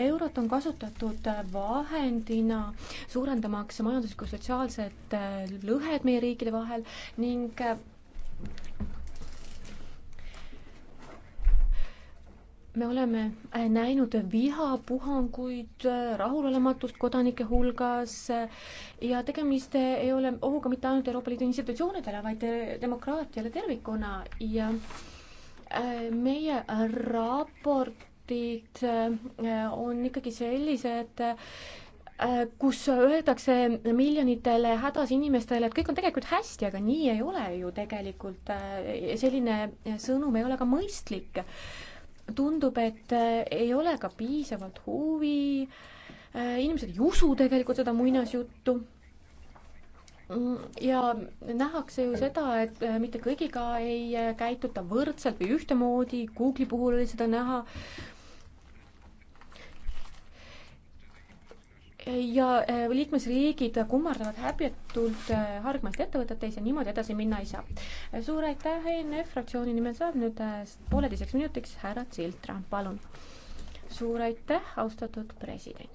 eurot on kasutatud vahendina suurendamaks majanduslikku sotsiaalset äh, lõhed meie riikide vahel ning äh, me oleme äh, näinud vihapuhanguid, äh, rahulolematust kodanike hulgas äh, ja tegemist ei ole ohuga mitte ainult Euroopa Liidu institutsioonidele, vaid demokraatiale tervikuna ja meie raportid on ikkagi sellised, kus öeldakse miljonitele hädas inimestele, et kõik on tegelikult hästi, aga nii ei ole ju tegelikult. selline sõnum ei ole ka mõistlik tundub, et äh, ei ole ka piisavalt huvi, äh, inimesed ei usu tegelikult seda muinasjuttu mm, ja nähakse ju seda, et äh, mitte kõigiga ei käituta võrdselt või ühtemoodi, Google'i puhul oli seda näha, ja äh, liikmesriigid kummardavad häbitult äh, hargmaist ettevõtet teise, niimoodi edasi minna ei saa. Äh, suur aitäh, ENF fraktsiooni nimel saab nüüd pooleteiseks minutiks härra Tsiltra, palun. suur aitäh, austatud president.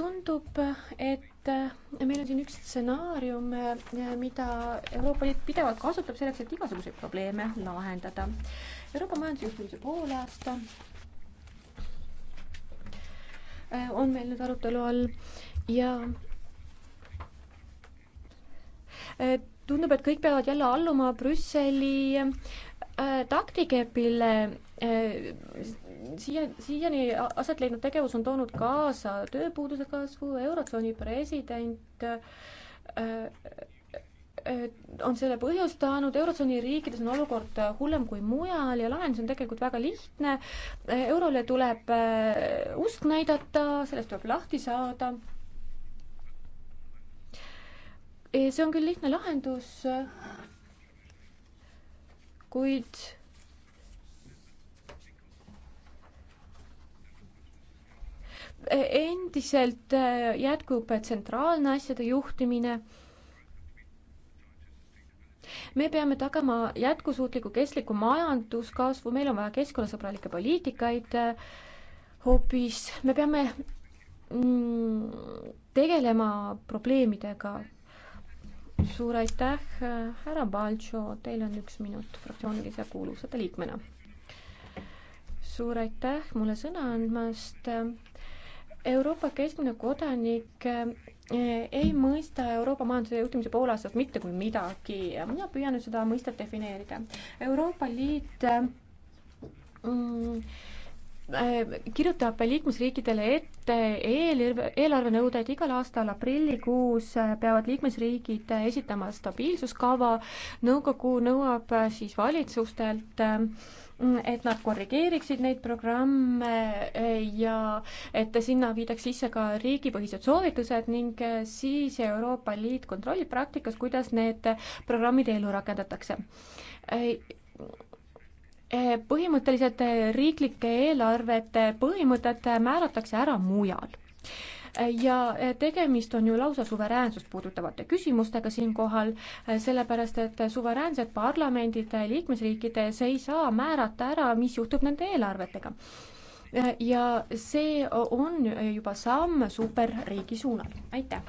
tundub, et meil on siin üks stsenaarium, mida Euroopa Liit pidevalt kasutab selleks, et igasuguseid probleeme lahendada. Euroopa majandusjuhtimise poolaasta Äh, on meil nüüd arutelu all ja äh, tundub, et kõik peavad jälle alluma Brüsseli äh, taktikepile siia, siiani aset leidnud tegevus on toonud kaasa tööpuuduse kasvu, Eurotsooni president Äh, on selle põhjustanud, Eurotsooni riikides on olukord äh, hullem kui mujal ja lahendus on tegelikult väga lihtne, äh, eurole tuleb usk näidata, sellest tuleb lahti saada. see on küll lihtne lahendus, kuid endiselt jätkub tsentraalne asjade juhtimine me peame tagama jätkusuutliku kestliku majanduskasvu, meil on vaja keskkonnasõbralikke poliitikaid äh, hoopis, me peame mm, tegelema probleemidega. suur aitäh, äh, härra Baltšo, teil on üks minut fraktsioonilise kuuluvuse liikmena. suur aitäh mulle sõna andmast Euroopa keskmine kodanik eh, ei mõista Euroopa majanduse juhtimise poolaastat mitte kui midagi ja mina püüan nüüd seda mõistet defineerida. Euroopa Liit eh, mm, eh, kirjutab liikmesriikidele ette eelarve, eelarvenõudeid igal aastal aprillikuus peavad liikmesriigid esitama stabiilsuskava, nõukogu nõuab siis valitsustelt äh, et nad korrigeeriksid neid programme ja et sinna viidaks sisse ka riigipõhised soovitused ning siis Euroopa Liit kontrollib praktikas, kuidas need programmid ellu rakendatakse. põhimõtteliselt riiklike eelarvete põhimõtted määratakse ära mujal ja eh, tegemist on ju lausa suveräänsust puudutavate küsimustega siinkohal, eh, sellepärast et suveräänsed parlamendid eh, liikmesriikides ei saa määrata ära, mis juhtub nende eelarvetega. ja see on juba samm superriigi suunal, aitäh.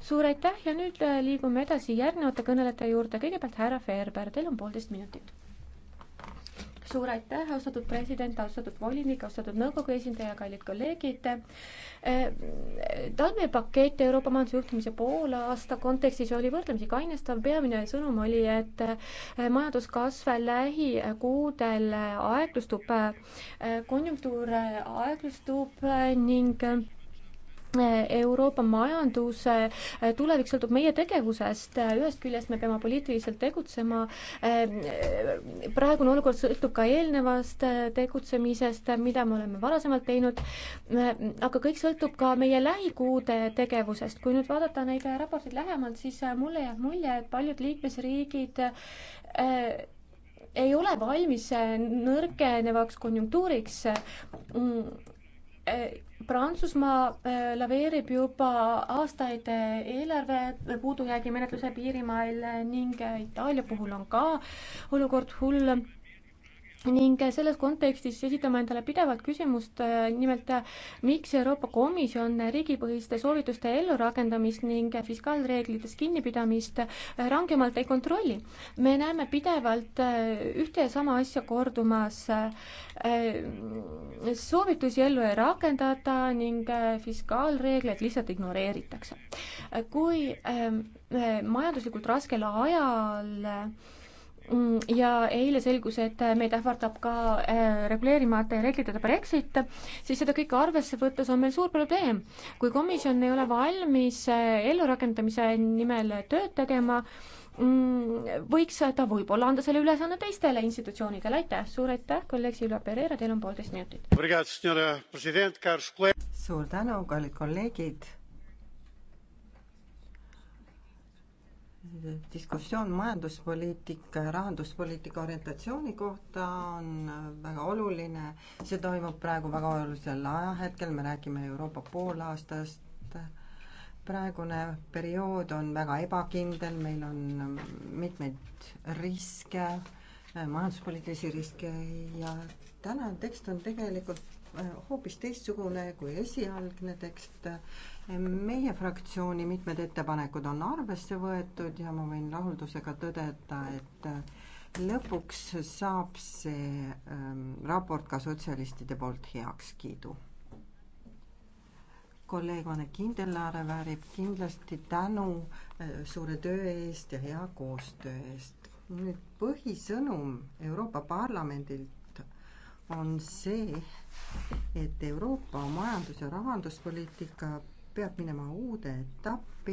suur aitäh ja nüüd liigume edasi järgnevate kõnelejate juurde, kõigepealt härra Ferber, teil on poolteist minutit suur aitäh, austatud president, austatud volinik, austatud nõukogu esindaja, kallid kolleegid. tarnepakett Euroopa majandusjuhtimise poole aasta kontekstis oli võrdlemisi kainestav, peamine sõnum oli, et majanduskasv lähikuudel aeglustub, konjunktuur aeglustub ning Euroopa majanduse äh, tulevik sõltub meie tegevusest, äh, ühest küljest me peame poliitiliselt tegutsema, äh, praegune olukord sõltub ka eelnevast tegutsemisest, mida me oleme varasemalt teinud, aga kõik sõltub ka meie lähikuude tegevusest. kui nüüd vaadata neid raporteid lähemalt, siis mulle jääb mulje, et paljud liikmesriigid ei ole valmis nõrgenevaks konjunktuuriks mm. Prantsusmaa äh, laveerib juba aastaid äh, eelarve puudujäägi menetluse piirimail äh, ning Itaalia puhul on ka olukord hull ning selles kontekstis esitame endale pidevat küsimust, äh, nimelt äh, miks Euroopa Komisjon riigipõhiste soovituste ellurakendamist ning fiskaalreeglitest kinnipidamist äh, rangemalt ei kontrolli. me näeme pidevalt ühte ja sama asja kordumas. soovitusi ellu ei rakendata ning fiskaalreegleid lihtsalt ignoreeritakse. kui majanduslikult raskel ajal Mm, ja eile selgus, et meid ähvardab ka äh, reguleerimata ja reegliteta Brexit, siis seda kõike arvesse võttes on meil suur probleem. kui komisjon ei ole valmis äh, ellurakendamise nimel tööd tegema, mm, võiks ta võib-olla anda selle ülesanne teistele institutsioonidele, aitäh, suur aitäh, kolleeg Silva Pereira, teil on poolteist minutit. suur tänu, kallid kolleegid diskussioon majanduspoliitika ja rahanduspoliitika orientatsiooni kohta on väga oluline. see toimub praegu väga olulisel ajahetkel, me räägime Euroopa poolaastast. praegune periood on väga ebakindel, meil on mitmeid riske, majanduspoliitilisi riske ja tänane tekst on tegelikult eh, hoopis teistsugune kui esialgne tekst meie fraktsiooni mitmed ettepanekud on arvesse võetud ja ma võin rahuldusega tõdeda, et äh, lõpuks saab see ähm, raport ka sotsialistide poolt heakskiidu. kolleeg Anne Kindelaare väärib kindlasti tänu äh, suure töö eest ja hea koostöö eest. nüüd põhisõnum Euroopa Parlamendilt on see, et Euroopa majandus- ja rahanduspoliitika peab minema uude etappi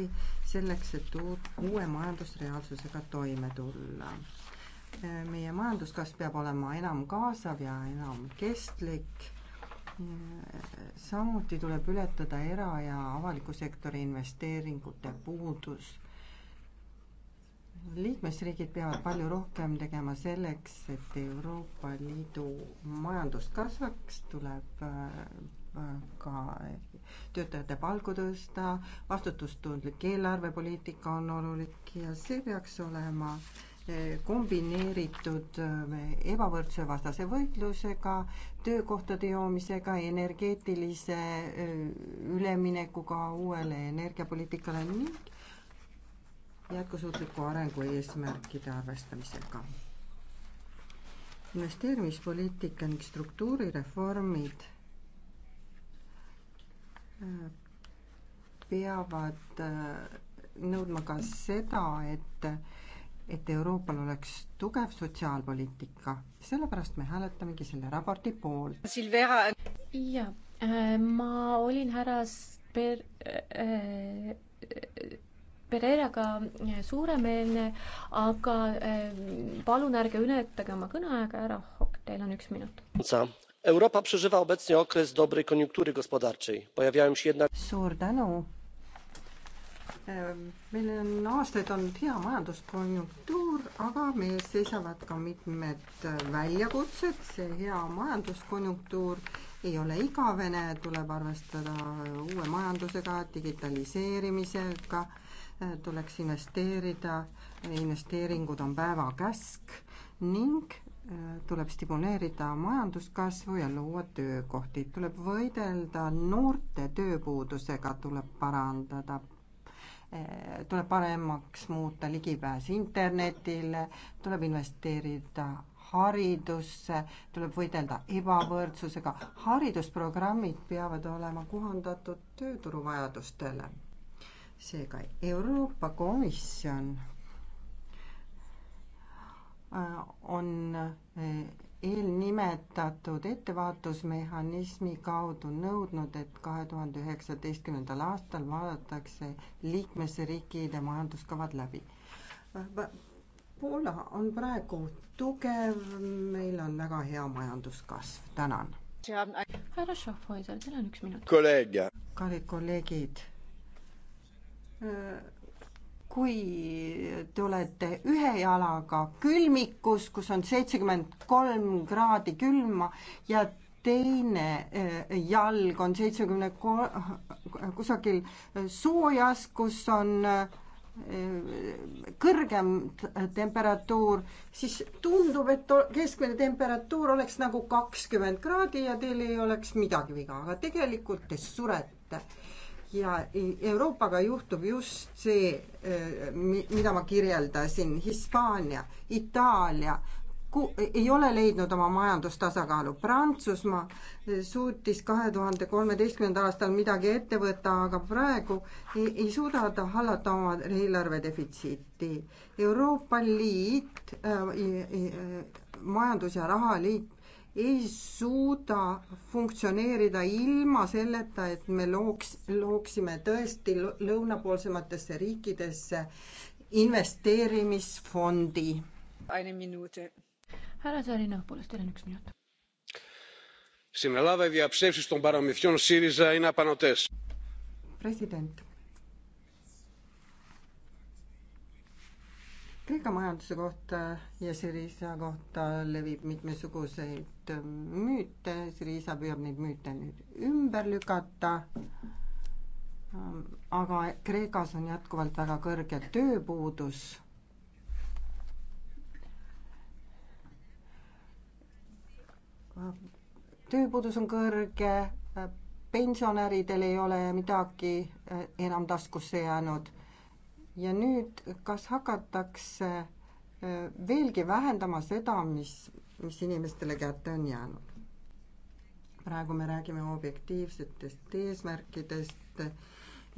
selleks, et uut, uue majandusreaalsusega toime tulla. meie majanduskasv peab olema enam kaasav ja enam kestlik. samuti tuleb ületada era- ja avaliku sektori investeeringute puudus liikmesriigid peavad palju rohkem tegema selleks, et Euroopa Liidu majandus kasvaks, tuleb ka töötajate palku tõsta, vastutustundlik eelarvepoliitika on oluline ja see peaks olema eh, kombineeritud eh, ebavõrdsuse vastase võitlusega, töökohtade joomisega, energeetilise eh, üleminekuga uuele energiapoliitikale ning jätkusuutliku arengu eesmärkide arvestamisega. investeerimispoliitika ning struktuurireformid peavad äh, nõudma ka seda, et, et Euroopal oleks tugev sotsiaalpoliitika. sellepärast me hääletamegi selle raporti poolt. ja äh, ma olin härra Per- äh,, Pereiraga suuremeelne, aga äh, palun ärge ületage oma kõneaega ära, teil on üks minut europa przeżywa obecnie okres dobrej koniunktury gospodarczej pojawiają się jednak. suur tänu meil on aastaid olnud hea majanduskonjunktuur, aga meie ees seisavad ka mitmed äh, väljakutsed, see hea majanduskonjunktuur ei ole igavene, tuleb arvestada äh, uue majandusega, digitaliseerimisega, äh, tuleks investeerida, investeeringud on päevakäsk ning tuleb stimuleerida majanduskasvu ja luua töökohti, tuleb võidelda noorte tööpuudusega, tuleb parandada, eh, tuleb paremaks muuta ligipääs internetile, tuleb investeerida haridusse, tuleb võidelda ebavõrdsusega. haridusprogrammid peavad olema kohandatud tööturu vajadustele. seega Euroopa Komisjon Äh, on äh, eelnimetatud ettevaatusmehhanismi kaudu nõudnud, et kahe tuhande üheksateistkümnendal aastal vaadatakse liikmesriikide majanduskavad läbi. Äh, Poola on praegu tugev, meil on väga hea majanduskasv, tänan. härra Schaffhäuser, teil on üks minut. kallid kolleegid kui te olete ühe jalaga külmikus, kus on seitsekümmend kolm kraadi külma ja teine eh, jalg on seitsmekümne kusagil soojas, kus on eh, kõrgem temperatuur, siis tundub, et keskmine temperatuur oleks nagu kakskümmend kraadi ja teil ei oleks midagi viga, aga tegelikult te surete ja e, Euroopaga juhtub just see, e, mida ma kirjeldasin, Hispaania, Itaalia, ei ole leidnud oma majandustasakaalu. Prantsusmaa e, suutis kahe tuhande kolmeteistkümnendal aastal midagi ette võtta, aga praegu ei, ei suuda ta hallata oma eelarve defitsiiti. Euroopa Liit äh, äh, majandus- ja rahaliit ei suuda funktsioneerida ilma selleta, et me looks, looksime tõesti lõunapoolsematesse riikidesse investeerimisfondi. härra Sarinopoulos, teil on üks minut. E e president Kreeka majanduse kohta ja Syriza kohta levib mitmesuguseid ähm, müüte, Syriza püüab neid müüte nüüd ümber lükata, ähm, aga Kreekas on jätkuvalt väga kõrge tööpuudus tööpuudus on kõrge, äh, pensionäridel ei ole midagi äh, enam taskusse jäänud ja nüüd, kas hakatakse äh, veelgi vähendama seda, mis, mis inimestele kätte on jäänud? praegu me räägime objektiivsetest eesmärkidest,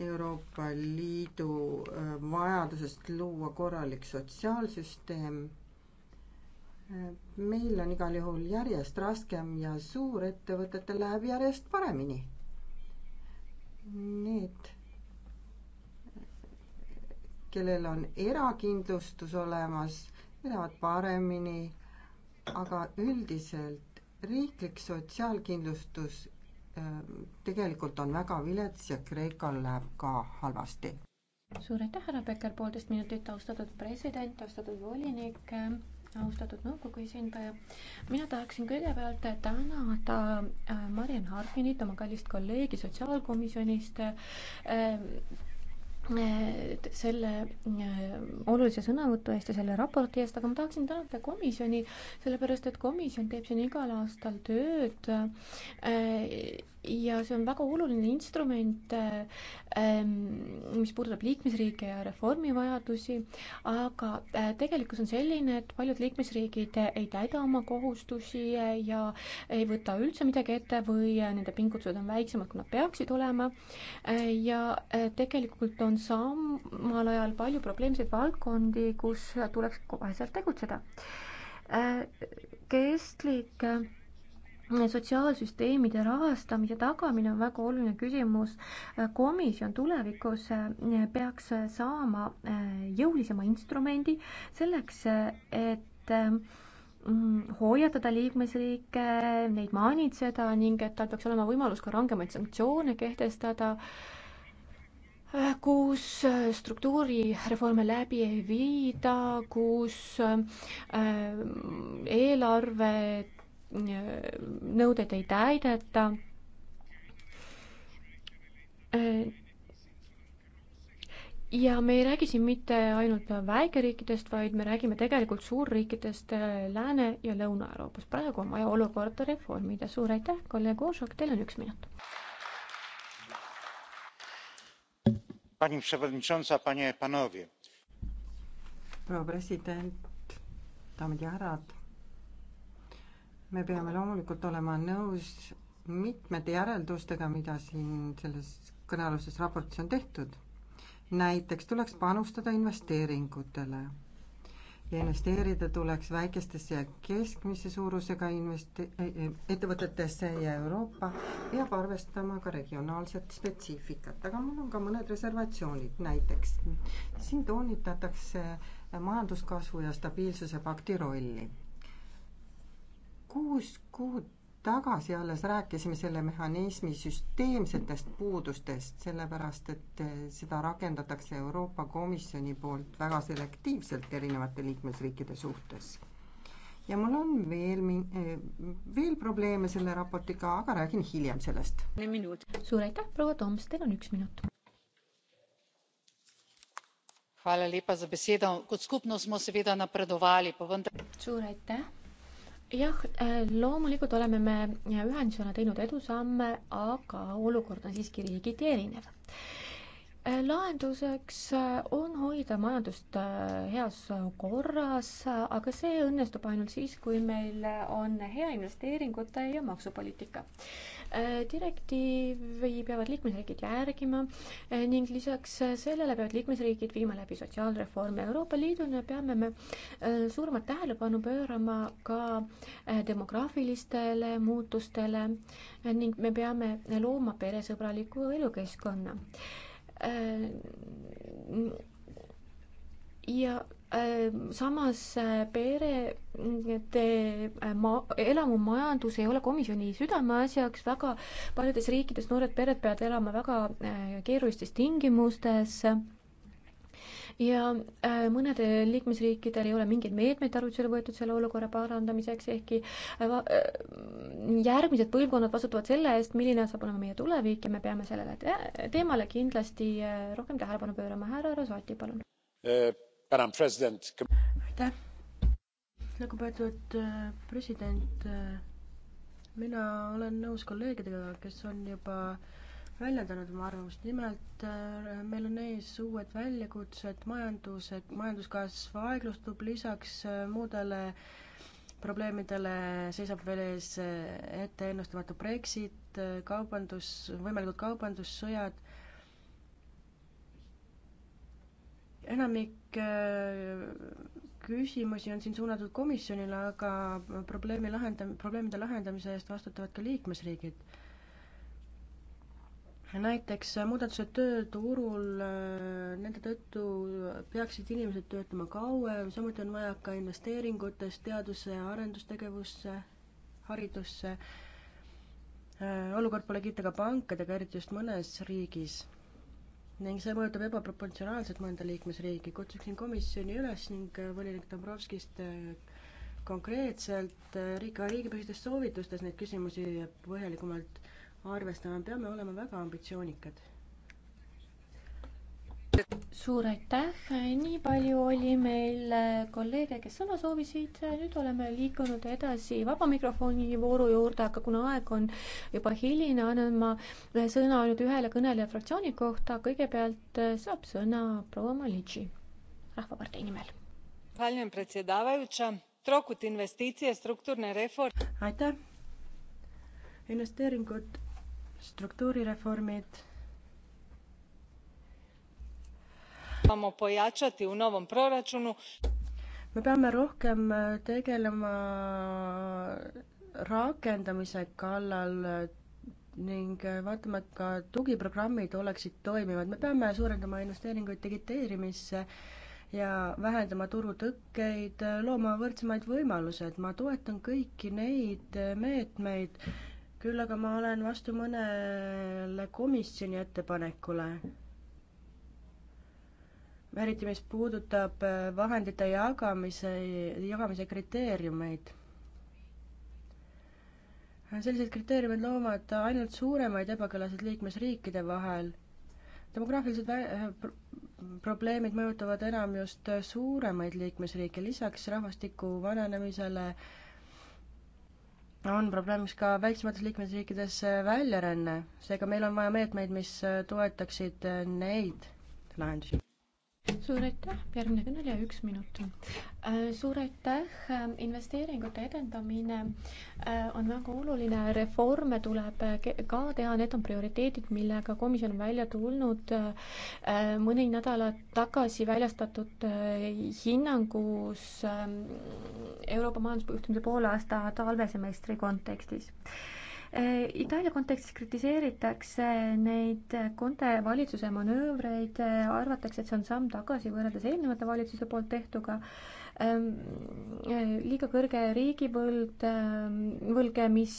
Euroopa Liidu äh, vajadusest luua korralik sotsiaalsüsteem äh, meil on igal juhul järjest raskem ja suurettevõtetel läheb järjest paremini. Need kellel on erakindlustus olemas, elavad paremini, aga üldiselt riiklik sotsiaalkindlustus äh, tegelikult on väga vilets ja Kreekal läheb ka halvasti. suur aitäh, härra Peker, poolteist minutit, austatud president, austatud volinik äh, austatud nõukogu esindaja. mina tahaksin kõigepealt tänada äh, Mariann Harkinit, oma kallist kolleegi sotsiaalkomisjonist, selle äh, olulise sõnavõtu eest ja selle raporti eest, aga ma tahaksin tänada komisjoni, sellepärast et komisjon teeb siin igal aastal tööd äh, ja see on väga oluline instrument, ähm, mis puudutab liikmesriike ja reformivajadusi, aga äh, tegelikkus on selline, et paljud liikmesriigid ei täida oma kohustusi äh, ja ei võta üldse midagi ette või äh, nende pingutused on väiksemad, kui nad peaksid olema. ja tegelikult on samal ajal palju probleemseid valdkondi, kus tuleks koheselt tegutseda. kestlik sotsiaalsüsteemide rahastamise tagamine on väga oluline küsimus. komisjon tulevikus eh, peaks saama eh, jõulisema instrumendi selleks, et eh, mm, hoiatada liikmesriike, neid maanitseda ning et tal peaks olema võimalus ka rangemaid sanktsioone kehtestada, kus struktuurireforme läbi ei viida, kus eelarved nõudeid ei täideta. ja me ei räägi siin mitte ainult väikeriikidest, vaid me räägime tegelikult suurriikidest Lääne- ja Lõuna-Euroopas. praegu on vaja olukorda reformida. suur aitäh, kolleeg Ožok, teil on üks minut. pani przewodnicząca, panie, panowie. proua president, daamid ja härrad me peame loomulikult olema nõus mitmete järeldustega, mida siin selles kõnealuses raportis on tehtud. näiteks tuleks panustada investeeringutele ja investeerida tuleks väikestesse ja keskmise suurusega investe-, eh, eh, ettevõtetesse ja Euroopa peab arvestama ka regionaalset spetsiifikat, aga mul on ka mõned reservatsioonid, näiteks siin toonitatakse majanduskasvu ja stabiilsuse pakti rolli kuus kuud tagasi alles rääkisime selle mehhanismi süsteemsetest puudustest, sellepärast et eh, seda rakendatakse Euroopa Komisjoni poolt väga selektiivselt erinevate liikmesriikide suhtes. ja mul on veel, eh, veel probleeme selle raportiga, aga räägin hiljem sellest. suur aitäh, proua Toms, teil on üks minut. suur aitäh jah, äh, loomulikult oleme me ühendusena teinud edusamme, aga olukord on siiski riigiti erinev lahenduseks äh, on hoida majandust äh, heas korras, äh, aga see õnnestub ainult siis, kui meil on hea investeeringute ja maksupoliitika. direktiivi peavad liikmesriigid järgima ning lisaks sellele peavad liikmesriigid viima läbi sotsiaalreforme. Euroopa Liiduna peame me suuremat tähelepanu pöörama ka demograafilistele muutustele ning me peame looma peresõbraliku elukeskkonna Äh, ja äh, samas äh, perede ma-, elamumajandus ei ole komisjoni südameasjaks, väga paljudes riikides noored pered peavad elama väga keerulistes tingimustes ja äh, mõnedel liikmesriikidel ei ole mingeid meetmeid tarvitusele võetud selle olukorra parandamiseks, ehkki äh, äh, järgmised põlvkonnad vastutavad selle eest, milline saab olema meie tulevik ja me peame sellele te teemale kindlasti rohkem tähelepanu pöörama. härra Rosati, palun. aitäh, lugupeetud president. mina olen nõus kolleegidega, kes on juba väljendanud oma arvamust, nimelt äh, meil on ees uued väljakutsed, majandused, majanduskasv aeglustub, lisaks äh, muudele probleemidele seisab veel ees äh, ette ennustamatu Brexit, kaubandus, võimalikud kaubandussõjad, enamik küsimusi on siin suunatud komisjonile, aga probleemi lahendam-, probleemide lahendamise eest vastutavad ka liikmesriigid näiteks äh, muudatused tööturul, äh, nende tõttu peaksid inimesed töötama kauem, samuti on vaja ka investeeringutest teaduse ja arendustegevusse, haridusse. Äh, olukord pole kiita ka pankadega, eriti just mõnes riigis. ning see mõjutab ebaproportsionaalselt mõnda liikmesriigi. kutsuksin komisjoni üles ning volinik Dombrovskist konkreetselt riik, riigipõhistes soovitustes neid küsimusi põhjalikumalt arvestama, peame olema väga ambitsioonikad. suur aitäh, nii palju oli meil äh, kolleege, kes sõna soovisid, nüüd oleme liikunud edasi vaba mikrofoni vooru juurde, aga kuna aeg on juba hiline, annan ma äh, sõna ainult ühele kõneleja fraktsiooni kohta, kõigepealt äh, saab sõna proua Malitši Rahvapartei nimel. Zahvaljujem predsjedavajuća trokut investicije strukturne reforme. aitäh! investeeringud struktuurireformid me peame rohkem äh, tegelema rakendamise kallal äh, ning äh, vaatama, et ka tugiprogrammid oleksid toimivad. me peame suurendama investeeringuid digiteerimisse ja vähendama turutõkkeid, looma võrdsemaid võimalused. ma toetan kõiki neid meetmeid, küll aga ma olen vastu mõnele komisjoni ettepanekule, eriti mis puudutab äh, vahendite jagamise, jagamise kriteeriumeid. sellised kriteeriumid loovad ainult suuremaid ebakõlasid liikmesriikide vahel. demograafilised vä-, äh, probleemid mõjutavad enam just äh, suuremaid liikmesriike, lisaks rahvastiku vananemisele äh, on probleemiks ka väiksemates liikmesriikides äh, väljaränne, seega meil on vaja meetmeid, mis äh, toetaksid äh, neid lahendusi suur aitäh, järgmine kõneleja, üks minut. Äh, suur aitäh, äh, investeeringute edendamine äh, on väga oluline, reforme tuleb ka teha, need on prioriteedid, millega komisjon on välja tulnud. mõni nädal tagasi väljastatud hinnangus Euroopa majandusjuhtimise poolaasta talvesemestri kontekstis Eh, Itaalia kontekstis kritiseeritakse neid Conte valitsuse manöövreid, eh, arvatakse, et see on samm tagasi võrreldes eelnevate valitsuse poolt tehtuga ehm, eh, liiga kõrge riigivõld, ehm, võlg, mis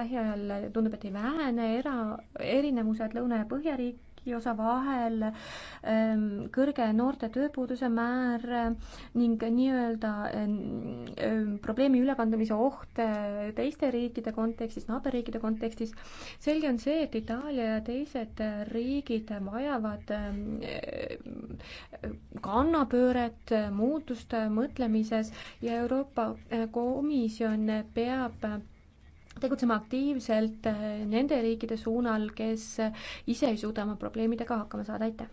lähiajal tundub, et ei vähene, era, erinevused lõuna- ja põhjariik, põhiosa vahel ähm, kõrge noorte tööpuuduse määr äh, ning nii-öelda äh, äh, probleemi ülekandumise oht teiste riikide kontekstis, naaberriikide kontekstis. selge on see, et Itaalia ja teised riigid vajavad kannapööret muutuste mõtlemises ja Euroopa Komisjon peab tegutsema aktiivselt äh, nende riikide suunal, kes äh, ise ei suuda oma probleemidega hakkama saada, aitäh!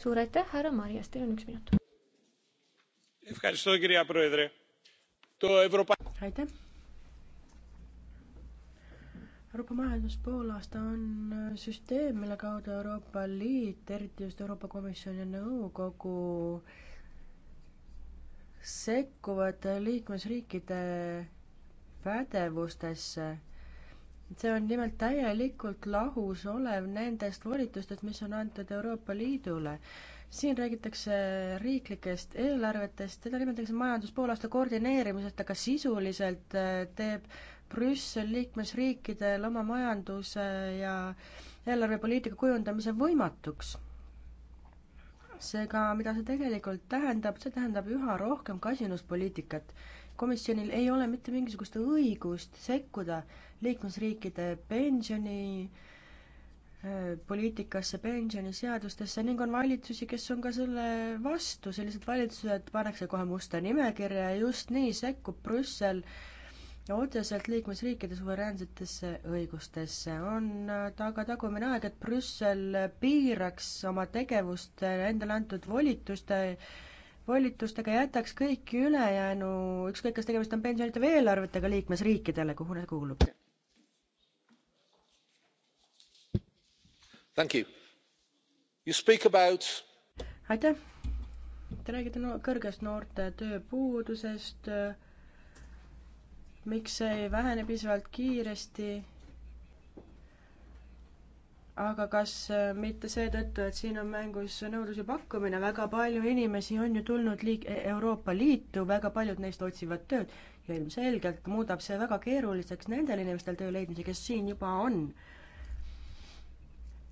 suur aitäh, härra Marias, teil on üks minut. aitäh! Euroopa majandus poolaasta on äh, süsteem, mille kaudu Euroopa Liit, eriti just Euroopa Komisjon ja nõukogu sekkuvad liikmesriikide pädevustesse. see on nimelt täielikult lahus olev nendest volitustest, mis on antud Euroopa Liidule. siin räägitakse riiklikest eelarvetest, seda nimetatakse majanduspoolaasta koordineerimisest, aga sisuliselt äh, teeb Brüssel liikmesriikidel oma majanduse ja eelarvepoliitika kujundamise võimatuks seega mida see tegelikult tähendab, see tähendab üha rohkem kasinuspoliitikat komisjonil ei ole mitte mingisugust õigust sekkuda liikmesriikide pensioni äh, poliitikasse, pensioniseadustesse ning on valitsusi, kes on ka selle vastu, sellised valitsused pannakse kohe musta nimekirja ja just nii sekkub Brüssel otseselt liikmesriikide suveräänsetesse õigustesse. on taga äh, tagumine aeg, et Brüssel piiraks oma tegevust endale antud volituste volitustega jätaks kõik ülejäänu, ükskõik kas tegemist on pensionite või eelarvetega liikmesriikidele, kuhu need kuulub. About... aitäh. Te räägite no kõrgest noorte tööpuudusest. miks see ei vähene piisavalt kiiresti? aga kas äh, mitte seetõttu, et siin on mängus nõudlus ja pakkumine, väga palju inimesi on ju tulnud liik-, e-, Euroopa Liitu, väga paljud neist otsivad tööd ja ilmselgelt muudab see väga keeruliseks nendel inimestel töö leidmise, kes siin juba on.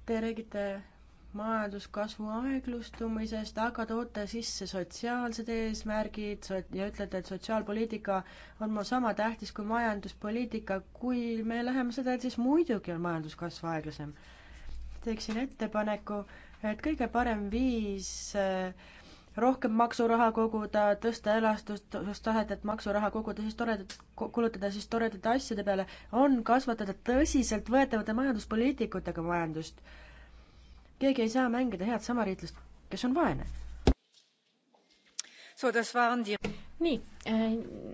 Te räägite majanduskasvu aeglustumisest, aga toote sisse sotsiaalsed eesmärgid ja ütlete, et sotsiaalpoliitika on sama tähtis kui majanduspoliitika. kui me läheme seda, siis muidugi on majanduskasv aeglasem teeksin ettepaneku, et kõige parem viis äh, rohkem maksuraha koguda, tõsta elastustahet, et maksuraha koguda siis toredat, kulutada siis toredate asjade peale, on kasvatada tõsiseltvõetavate majanduspoliitikutega majandust. keegi ei saa mängida head samariitlast, kes on vaene. nii, äh,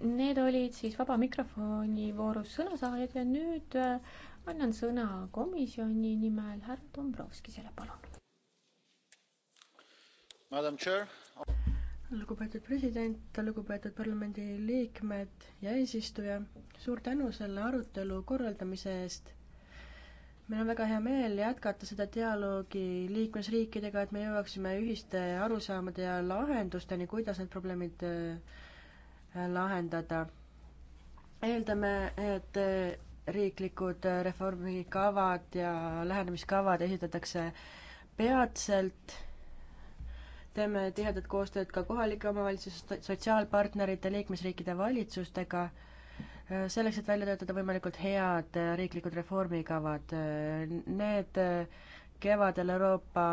need olid siis vaba mikrofoni voorus sõnasaajad ja nüüd äh, annan sõna komisjoni nimel härra dombrovskisele palun. lugupeetud president lugupeetud parlamendiliikmed ja eesistuja suur tänu selle arutelu korraldamise eest meil on väga hea meel jätkata seda dialoogi liikmesriikidega, et me jõuaksime ühiste arusaamade ja lahendusteni, kuidas need probleemid äh, lahendada. eeldame, et riiklikud äh, reformikavad ja lähenemiskavad esitatakse peatselt. teeme tihedat koostööd ka kohalike omavalitsuste, sotsiaalpartnerite, liikmesriikide valitsustega, äh, selleks, et välja töötada võimalikult head äh, riiklikud reformikavad. Need kevadel Euroopa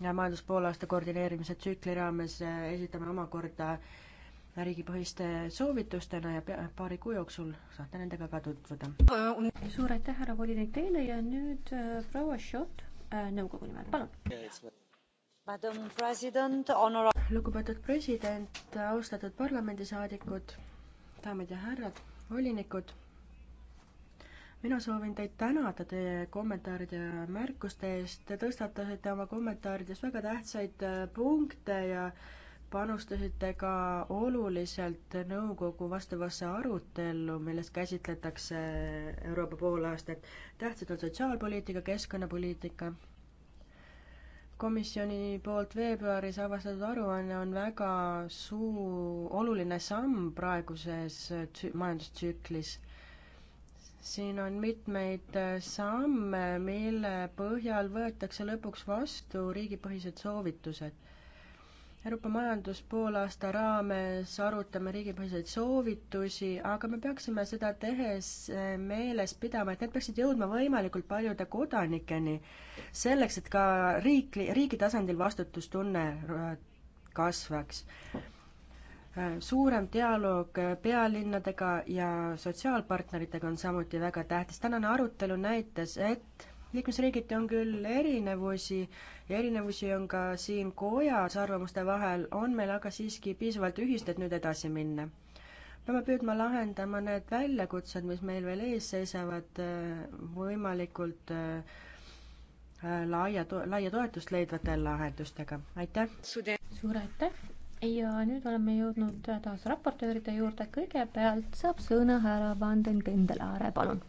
majanduspoolaasta koordineerimise tsükli raames esitame omakorda äh, riigipõhiste soovitustena ja paari kuu jooksul saate nendega ka tutvuda. suur aitäh, härra volinik teile ja nüüd äh, proua Šot äh, nõukogu nimel, palun. lugupeetud president, austatud parlamendisaadikud, daamid ja härrad, volinikud. mina soovin teid tänada teie kommentaaride ja märkuste eest, te tõstatasite oma kommentaarides väga tähtsaid äh, punkte ja äh, panustasite ka oluliselt nõukogu vastavasse arutellu, milles käsitletakse Euroopa poolaastat. tähtsad on sotsiaalpoliitika, keskkonnapoliitika. komisjoni poolt veebruaris avastatud aruanne on väga suu-, oluline samm praeguses tsü-, majandustsüklis siin on mitmeid samme, mille põhjal võetakse lõpuks vastu riigipõhised soovitused Euroopa majanduspoolaasta raames arutame riigipõhiseid soovitusi, aga me peaksime seda tehes eh, meeles pidama, et need peaksid jõudma võimalikult paljude kodanikeni, selleks et ka riik, riigi tasandil vastutustunne eh, kasvaks. Eh, suurem dialoog pealinnadega ja sotsiaalpartneritega on samuti väga tähtis. tänane arutelu näitas, et liikmesriigiti on küll erinevusi ja erinevusi on ka siin kojas arvamuste vahel, on meil aga siiski piisavalt ühist, et nüüd edasi minna. peame püüdma lahendama need väljakutsed, mis meil veel ees seisavad, äh, võimalikult äh, äh, laia, laia toetust leidvate lahendustega, aitäh! suur aitäh! ja nüüd oleme jõudnud taas raportööride juurde, kõigepealt saab sõna härra Van den Kendelaare, palun!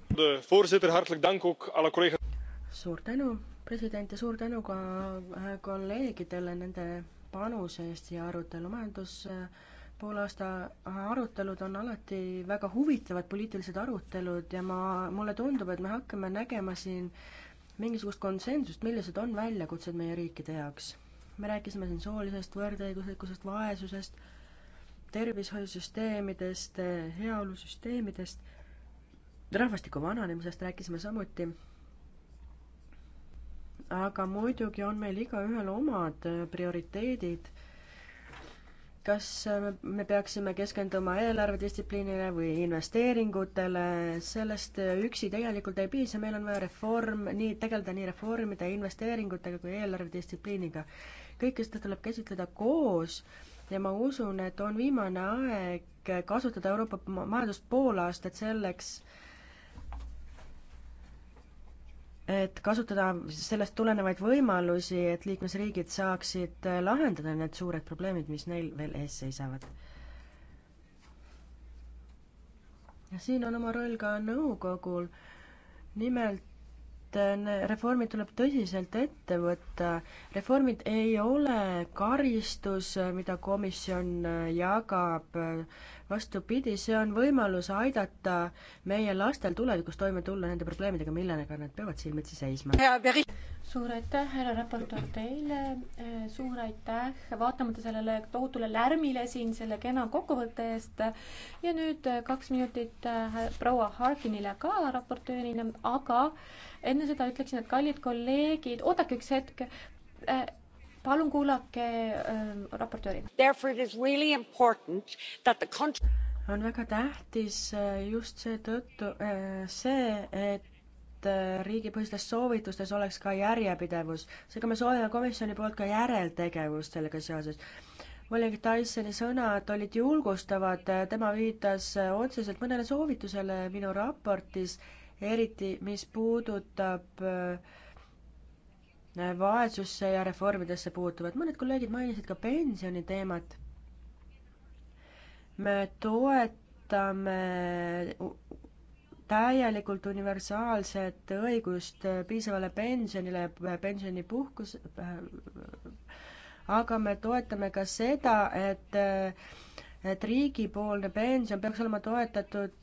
suur tänu, president, ja suur tänu ka äh, kolleegidele nende panuse eest siia arutelu. majandus äh, poolaasta äh, arutelud on alati väga huvitavad poliitilised arutelud ja ma, mulle tundub, et me hakkame nägema siin mingisugust konsensust, millised on väljakutsed meie riikide jaoks. me rääkisime siin soolisest võrdõiguslikkusest, vaesusest, tervishoiusüsteemidest, heaolusüsteemidest, rahvastiku vananemisest rääkisime samuti aga muidugi on meil igaühel omad äh, prioriteedid. kas äh, me peaksime keskenduma eelarvedistsipliinile või investeeringutele, sellest äh, üksi tegelikult ei piisa, meil on vaja reform, nii, tegeleda nii reformide, investeeringutega kui eelarvedistsipliiniga. kõike seda tuleb käsitleda koos ja ma usun, et on viimane aeg kasutada Euroopa majandust pool aastat selleks, et kasutada sellest tulenevaid võimalusi, et liikmesriigid saaksid äh, lahendada need suured probleemid, mis neil veel ees seisavad. ja siin on oma roll ka nõukogul. nimelt äh, reformid tuleb tõsiselt ette võtta. reformid ei ole karistus, äh, mida komisjon jagab vastupidi, see on võimalus aidata meie lastel tulevikus toime tulla nende probleemidega, millega nad peavad silmitsi seisma. suur aitäh, härra raportöör, teile, suur aitäh, vaatamata sellele tohutule lärmile siin selle kena kokkuvõtte eest ja nüüd kaks minutit äh, proua Harkinile ka raportöörina, aga enne seda ütleksin, et kallid kolleegid, oodake üks hetk, äh, palun kuulake äh, raportööri. Really country... on väga tähtis äh, just seetõttu äh, see, et äh, riigipõhistes soovitustes oleks ka järjepidevus, seega me soovime komisjoni poolt ka järeltegevust sellega seoses volinik Tysoni sõnad olid julgustavad, tema viitas otseselt mõnele soovitusele minu raportis, eriti mis puudutab äh, vaesusse ja reformidesse puutuvad. mõned kolleegid mainisid ka pensioni teemat. me toetame täielikult universaalset õigust piisavale pensionile, pensionipuhkus, aga me toetame ka seda, et et riigipoolne pension peaks olema toetatud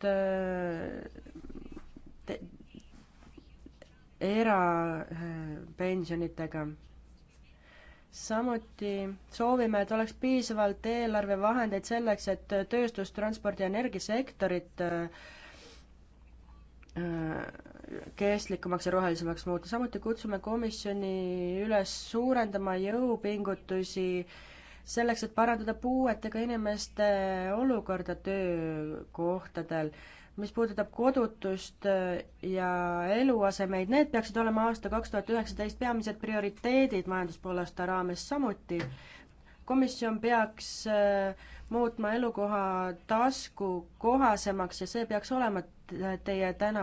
te, erapensionitega. samuti soovime, et oleks piisavalt eelarvevahendeid selleks, et tööstus, transpordi ja energiasektorit äh, kestlikumaks ja rohelisemaks muuta, samuti kutsume komisjoni üles suurendama jõupingutusi selleks, et parandada puuetega inimeste olukorda töökohtadel mis puudutab kodutust äh, ja eluasemeid, need peaksid olema aasta kaks tuhat üheksateist peamised prioriteedid majanduspoolaasta raames samuti. komisjon peaks äh, muutma elukoha taskukohasemaks ja see peaks olema teie täna